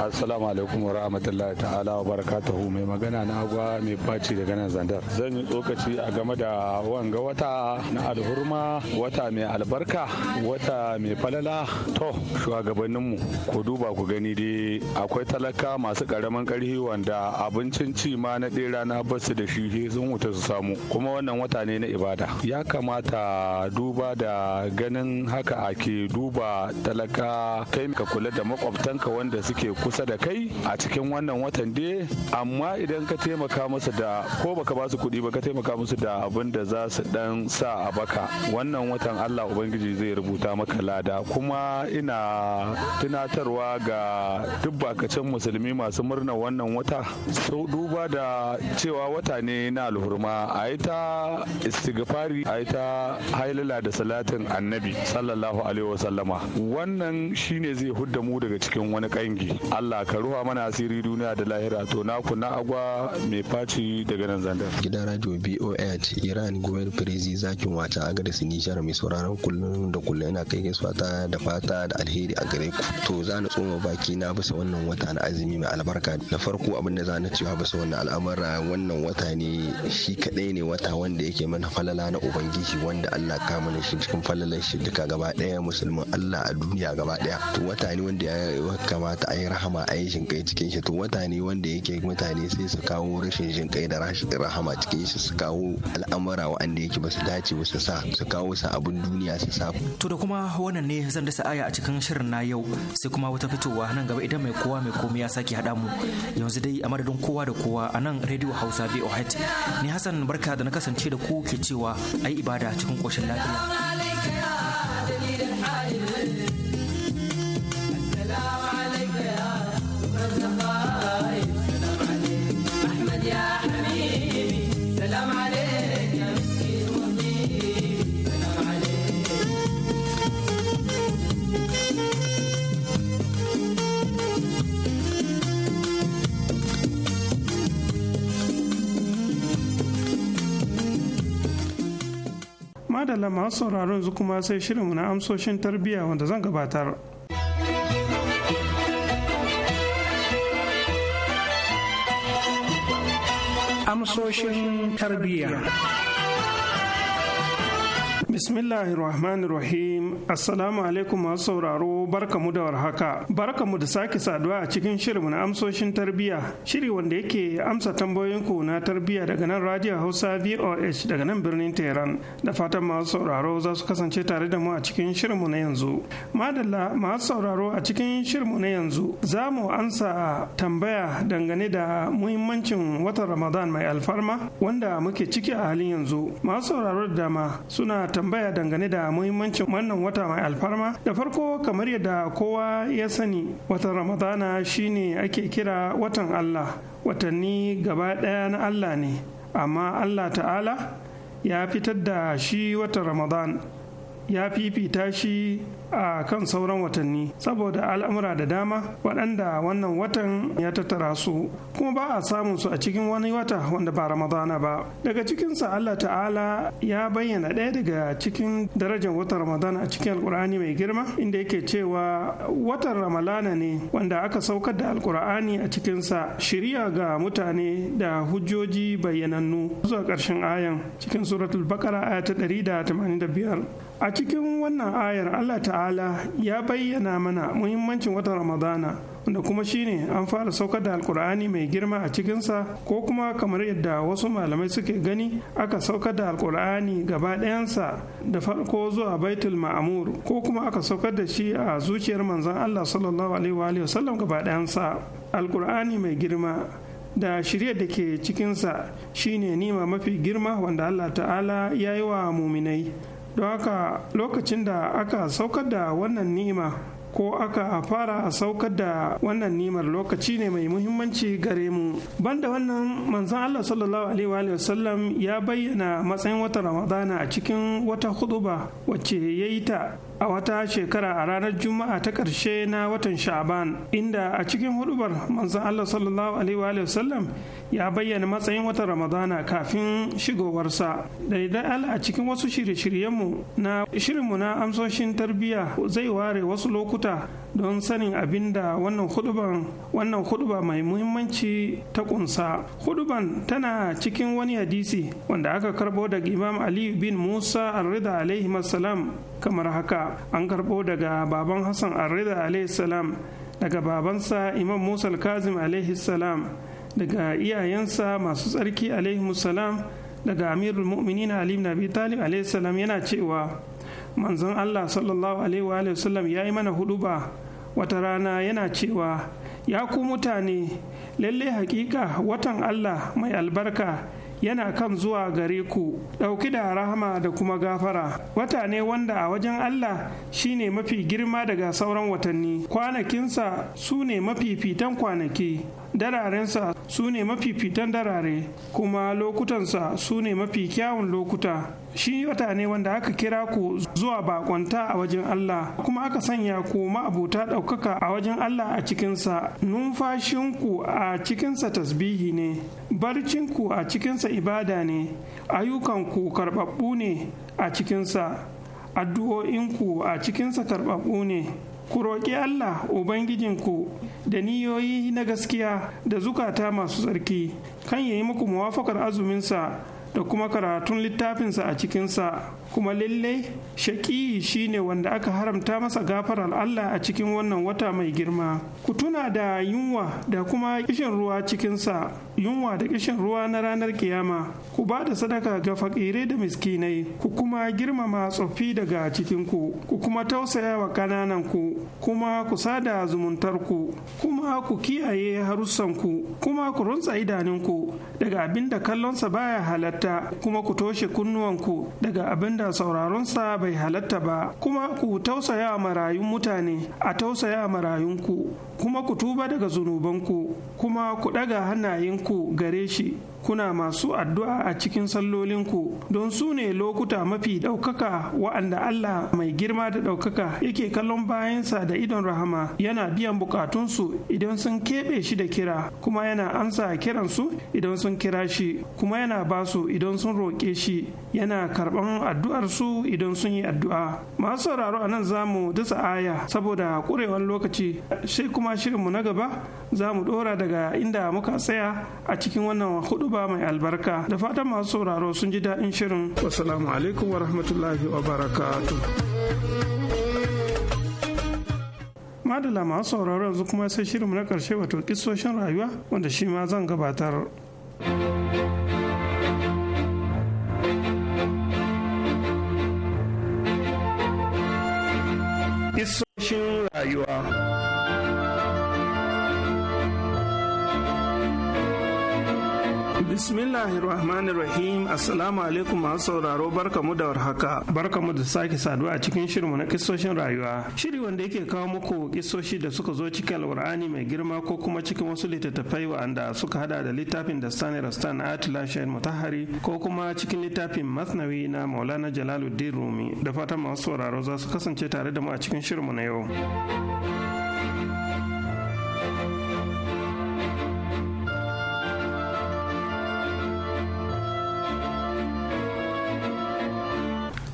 assalamu alaikum wa rahmatullahi ta'ala wa barakatuhu mai magana na agwa mai faci daga nan zandar zan yi tsokaci a game da wanga wata na alhurma wata mai albarka wata mai mai falala to shugabanninmu ku duba ku gani dai akwai talaka masu karamin karhi wanda abincin ci ma na ɗaya rana ba su da shi sai sun wuta su samu kuma wannan wata ne na ibada ya kamata duba da ganin haka ake duba talaka kai ka kula da makwabtanka wanda suke kusa da kai a cikin wannan watan dai amma idan ka taimaka musu da ko baka ba su kuɗi ba ka taimaka musu da abin da za su dan sa a baka wannan watan Allah ubangiji zai rubuta maka lafiya al'ada kuma ina tunatarwa ga duk bakacin musulmi masu murnar wannan wata so duba da cewa wata ne na alhurma a yi ta istighfari a yi ta hailala da salatin annabi sallallahu alaihi wasallama wannan shine zai hudda mu daga cikin wani kangi allah ka ruwa mana asiri duniya da lahira to na na agwa mai faci daga nan zandar
gidan radio boh iran goyar firizi zakin wata agadis sinishar mai sauraron kullum da kullum yana kai Fata da fata da alheri a gare ku to za na tsoma baki na bisa wannan wata na azumi mai albarka na farko abin da za na cewa bisa wannan al'amura wannan wata ne shi kadai ne wata wanda yake mana falala na ubangiji wanda Allah ka mana shi cikin falalar shi duka gaba daya musulmin Allah a duniya gaba daya to wata ne wanda ya kamata a yi rahama a yi shinkai cikin shi to wata ne wanda yake mutane sai su kawo rashin shinkai da rashin rahama cikin shi su kawo al'amura wa'anda yake ba su dace ba su sa su kawo sa abin duniya su sa
to da kuma wannan ne zan dasa aya a cikin shirin na yau sai kuma wata fitowa nan gaba idan mai kowa mai komai ya sake haɗa mu yanzu dai a madadin kowa da kowa a nan radio hausa voh ni hassan barka da na kasance da ku ke cewa ai ibada cikin ƙoshin
lafiya.
madalla masu sauraro yanzu kuma sai shirinmu na amsoshin tarbiyya wanda zan gabatar.
Amsoshin tarbiyya.
Bismillahirrahmanirrahim. Assalamu alaikum masu sauraro barkamu da warhaka. Barkamu da sake saduwa a cikin shirinmu na amsoshin tarbiyya. Shiri wanda yake amsa tambayoyin ku na tarbiyya daga nan Radio Hausa VOH daga nan birnin Tehran. Da fatan masu sauraro za su kasance tare da mu a cikin shirinmu na yanzu. Madalla masu sauraro a cikin shirinmu na yanzu za mu amsa tambaya dangane da muhimmancin watan Ramadan mai alfarma wanda muke ciki a halin yanzu. Masu sauraro da dama suna tambaya tambaya dangane da muhimmancin wannan wata mai alfarma da farko kamar yadda kowa ya sani watan ramadana shine ake kira watan allah watanni gaba ɗaya na allah ne amma allah ta'ala ya fitar da shi watan ramadan ya fifita shi a kan sauran watanni saboda al'amura da dama waɗanda wannan watan ya tattara su kuma ba a samun su a cikin wani wata wanda ba ramadana ba daga cikinsa allah ta'ala ya bayyana ɗaya daga cikin darajar watan ramadana a cikin alkur'ani mai girma inda yake cewa watan ramalana ne wanda aka saukar da alkur'ani a cikinsa shirya ga mutane da hujjoji bayyanannu zuwa ƙarshen ayan cikin suratul bakara aya ta 185 a cikin wannan ayar allah ta'ala ya bayyana mana muhimmancin watan ramadana da kuma shine an fara saukar da alkur'ani mai girma a cikinsa ko kuma kamar yadda wasu malamai suke gani aka saukar da alkur'ani gaba ɗayansa da farko zuwa baitul ma'amur ko kuma aka saukar da shi a zuciyar manzon allah sallallahu alaihi wasallam gaba ɗayansa alkur'ani mai girma da shirya da ke cikinsa shine nima mafi girma wanda allah ta'ala ya yi wa muminai don haka lokacin da aka saukar da wannan ni'ima ko aka fara a saukar da wannan nimar lokaci ne mai muhimmanci gare mu banda wannan manzan Allah sallallahu alaihi wa sallam ya bayyana matsayin watan Ramadana a cikin wata huduba wacce yayi ta a wata shekara a ranar juma'a ta ƙarshe na watan sha'aban inda a cikin hudubar manzon allah sallallahu alaihi wa sallam ya bayyana matsayin watan ramadana kafin shigowarsa da idan a cikin wasu shirye-shiryenmu na shirinmu na amsoshin tarbiyya zai ware wasu lokuta don sanin abin da wannan huduban wannan huduba mai muhimmanci ta kunsa huduban tana cikin wani hadisi wanda aka karbo daga imam ali bin musa al-rida alaihi salam kamar haka an karbo daga baban hassan al-rida alaihi salam daga babansa imam musa al-kazim alaihi salam daga iyayensa masu tsarki alaihi salam daga amirul mu'minin ali ibn abi talib alaihi salam yana cewa manzon allah sallallahu alaihi wa sallam ya yi mana ba, wata rana yana cewa ya ku mutane lalle hakika watan allah mai albarka yana kan zuwa gare ku ɗauki da rahama da kuma gafara wata ne wanda a wajen Allah shine mafi girma daga sauran watanni kwanakinsa su ne mafi fitan kwanaki dararensa su ne mafifitan darare kuma lokutansa su ne mafi kyawun lokuta shi wata ne wanda aka kira ku zuwa bakonta a wajen Allah kuma aka sanya ku ma'abuta ɗaukaka a wajen Allah a cikinsa numfashinku a cikinsa tasbihi ne barcinku a cikinsa ibada ne ayyukanku karɓaɓɓu ne a cikinsa addu'o'inku a cikinsa karɓaɓɓu ne ku roƙi Allah Ubangijinku da niyoyi na gaskiya da zukata masu tsarki kan yi muku muwafakar azuminsa da kuma karatun littafinsa a cikinsa kuma lallai shaƙi shine wanda aka haramta masa gafarar Allah a cikin wannan wata mai girma ku tuna da yunwa da kuma kishin ruwa cikinsa yunwa da kishin ruwa na ranar kiyama ku ba da sadaka ga fakirai da miskinai ku kuma girmama tsoffi daga cikinku ku kuma tausaya wa ƙananan ku kuma ku sada zumuntar ku kuma ku kiyaye harussan ku kuma ku runtsa idanunku daga abin da kallonsa baya halatta kuma ku toshe kunnuwanku daga abin wanda sauraronsa bai halatta ba kuma ku tausaya marayun mutane a tausaya marayunku kuma ku tuba daga zunubanku kuma ku ɗaga hannayenku gare shi kuna masu addu'a a cikin sallolinku don su ne lokuta mafi ɗaukaka wa'anda Allah mai girma da ɗaukaka yake kallon bayansa da idon rahama yana biyan bukatunsu idan sun keɓe shi da kira kuma yana amsa kiransu idan sun kira shi kuma yana basu idan sun roƙe shi yana karɓan addu'arsu idan sun yi addu'a masu sauraro a nan za mu dasa aya saboda ƙurewar lokaci sai kuma shirinmu na gaba za mu ɗora daga inda muka tsaya a cikin wannan hudu ba mai albarka da fatan masu sauraro sun ji daɗin shirin wasalamu alaikum wa rahmatullahi wa barakatu madala masu sauraro yanzu kuma sai shirin na ƙarshe wato kisoshin rayuwa wanda shi ma zan gabatar
Isoshin rayuwa
Bismillahirrahmanirrahim Assalamu alaikum masu sauraro barkamu da warhaka barkamu da sake saduwa a cikin shirinmu na kisoshin rayuwa shiri wanda yake kawo muku kisoshi da suka zo cikin alkur'ani mai girma ko kuma cikin wasu littattafai wa'anda suka hada da littafin da Sani Rastan Atila Shahin Mutahari ko kuma cikin littafin Masnawi na Maulana Jalaluddin Rumi da fatan masu sauraro za su kasance tare da mu a cikin shirinmu na yau.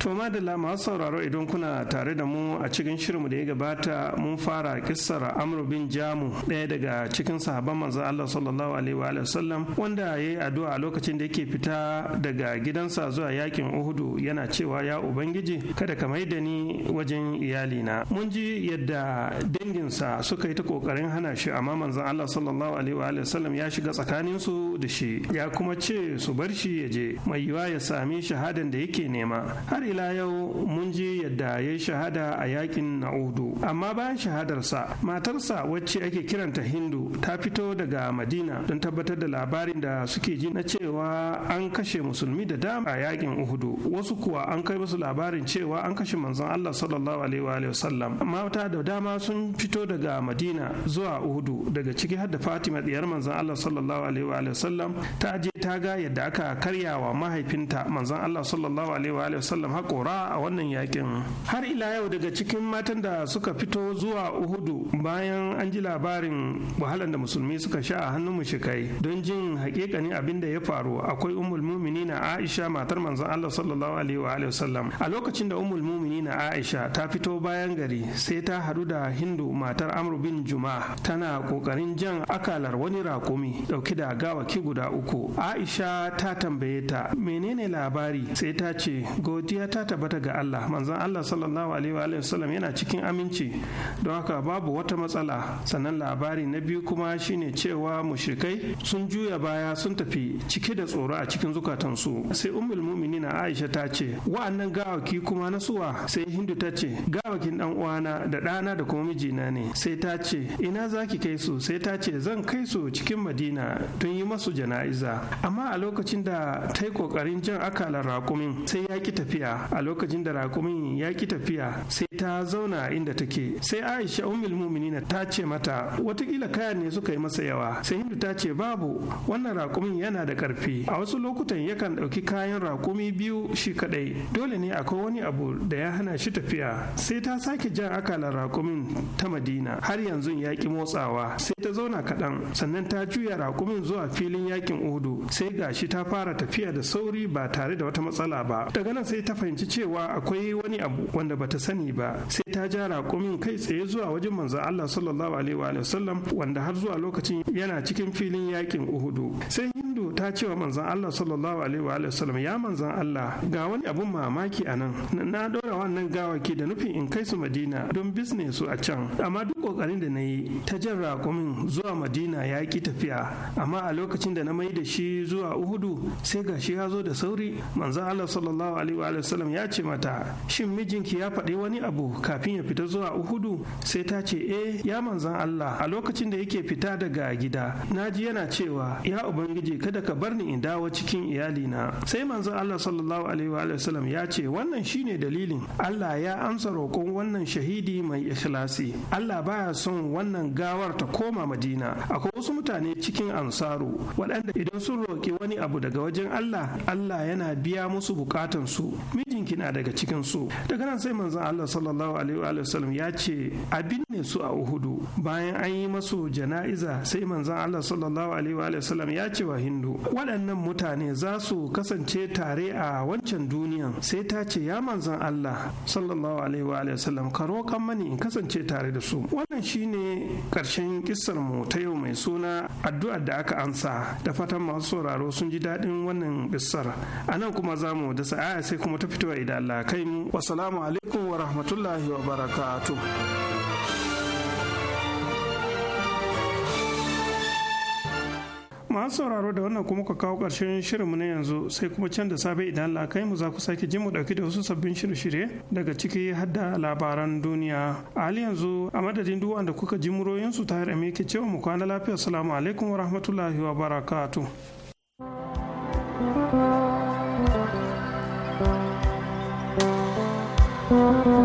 To madalla masu sauraro idan kuna tare da mu a cikin shirinmu da ya gabata mun fara kissar Amr bin Jamu ɗaya daga cikin sahabban manzan Allah sallallahu alaihi wa sallam wanda yayi addu'a a lokacin da yake fita daga gidansa zuwa yakin Uhudu yana cewa ya ubangiji kada ka da ni wajen iyali na Mun ji yadda danginsa suka yi ta kokarin hana shi amma manzan Allah sallallahu alaihi wa sallam ya shiga tsakanin su da shi ya kuma ce su bar shi ya je mai yiwa ya sami shahadan da yake nema har ila yau mun je yadda ya yi shahada a yakin na'udu amma bayan shahadarsa matarsa wacce ake kiranta hindu ta fito daga madina don tabbatar da labarin da suke ji na cewa an kashe musulmi da dama a yakin uhudu wasu kuwa an kai wasu labarin cewa an kashe manzon allah sallallahu alaihi wa sallam mata da dama sun fito daga madina zuwa uhudu daga ciki har fatima diyar manzon allah sallallahu alaihi wa sallam ta je ta ga yadda aka karyawa mahaifinta manzon allah sallallahu alaihi wa sallam kora a wannan yakin har ila yau daga cikin matan da suka fito zuwa uhudu bayan an ji labarin wahalar da musulmi suka sha a hannun mushikai don jin hakikanin abin da ya faru akwai ummul muminina aisha matar manzon allah sallallahu alaihi wa wasallam a lokacin da mumini muminina aisha ta fito bayan gari sai ta hadu da hindu matar amru bin juma tana kokarin jan akalar wani rakumi dauki da gawaki guda uku aisha ta tambaye ta menene labari sai ta ce godiya ta tabbata ga Allah manzon Allah sallallahu alaihi wa sallam yana cikin aminci don haka babu wata matsala sannan labari na biyu kuma shine cewa mushrikai sun juya baya sun tafi cike da tsoro a cikin zukatansu sai ummul mu'minin Aisha ta ce wa'annan gawaki kuma na suwa sai Hindu ta ce gawakin dan uwana da ɗana da kuma mijina ne sai ta ce ina zaki kai su sai ta ce zan kai su cikin Madina tun yi masu jana'iza amma a lokacin da ta yi kokarin jan akalar raƙumin sai ya ki tafiya a lokacin da raƙumin ya ki tafiya sai ta zauna inda take sai aisha ummul muminina ta ce mata watakila kaya ne suka yi masa yawa sai hindu ta ce babu wannan raƙumin yana da karfi a wasu lokutan yakan ɗauki kayan raƙumi biyu shi kadai. dole ne akwai wani abu da ya hana shi tafiya sai ta sake jan akalar raƙumin ta madina har yanzu ya ki motsawa sai ta zauna kaɗan sannan ta juya raƙumin zuwa filin yakin udu sai gashi ta fara tafiya da sauri ba tare da wata matsala ba daga nan sai ta fahimci cewa akwai wani abu wanda bata sani ba sai ta ja raƙumin kai tsaye zuwa wajen manzon Allah sallallahu alaihi wa sallam wanda har zuwa lokacin yana cikin filin yakin Uhudu sai Hindu ta ce wa manzon Allah sallallahu alaihi wa sallam ya manzan Allah ga wani abun mamaki anan na dora wannan gawaki da nufin in kai su Madina don business su a can amma duk kokarin da nayi ta jan raƙumin zuwa Madina ya ki tafiya amma a lokacin da na mai da shi zuwa Uhudu sai gashi ya zo da sauri manzon Allah sallallahu alaihi wa wasallam ya ce mata shin mijinki ya faɗi wani abu kafin ya fita zuwa uhudu sai ta ce eh ya manzan allah a lokacin da yake fita daga gida na ji yana cewa ya ubangiji kada ka bar ni in dawo cikin iyalina sai manzon allah sallallahu alaihi wa sallam ya ce wannan shine dalilin allah ya amsa roƙon wannan shahidi mai ikhlasi allah baya son wannan gawar ta koma madina akwai wasu mutane cikin ansaru waɗanda idan sun roƙi wani abu daga wajen allah allah yana biya musu bukatansu mijinki na daga cikin su daga nan sai manzon Allah sallallahu alaihi wa sallam ya ce a binne su a Uhudu bayan an yi masu jana'iza sai manzon Allah sallallahu alaihi wa sallam ya ce wa Hindu waɗannan mutane za su kasance tare a wancan duniyan sai ta ce ya manzon Allah sallallahu alaihi wa sallam ka roƙan mani in kasance tare da su wannan shine ƙarshen kissar mu ta yau mai suna addu'ar da aka ansa da fatan masu sauraro sun ji daɗin wannan kissar anan kuma za mu da sa'a sai kuma tafi fitowa idan Allah mu wasalamu alaikum wa rahmatullahi wa masu sauraro da wannan kuma ka kawo ƙarshen shirinmu na yanzu sai kuma can da safe idan Allah kai mu za ku sake jin mu ɗauki da wasu sabbin shirye-shirye daga ciki har da labaran duniya a hali yanzu a madadin duwan da kuka ji muroyinsu ta har ke cewa mu kwana lafiya assalamu alaikum wa rahmatullahi wa barakatuh
Mm-hmm.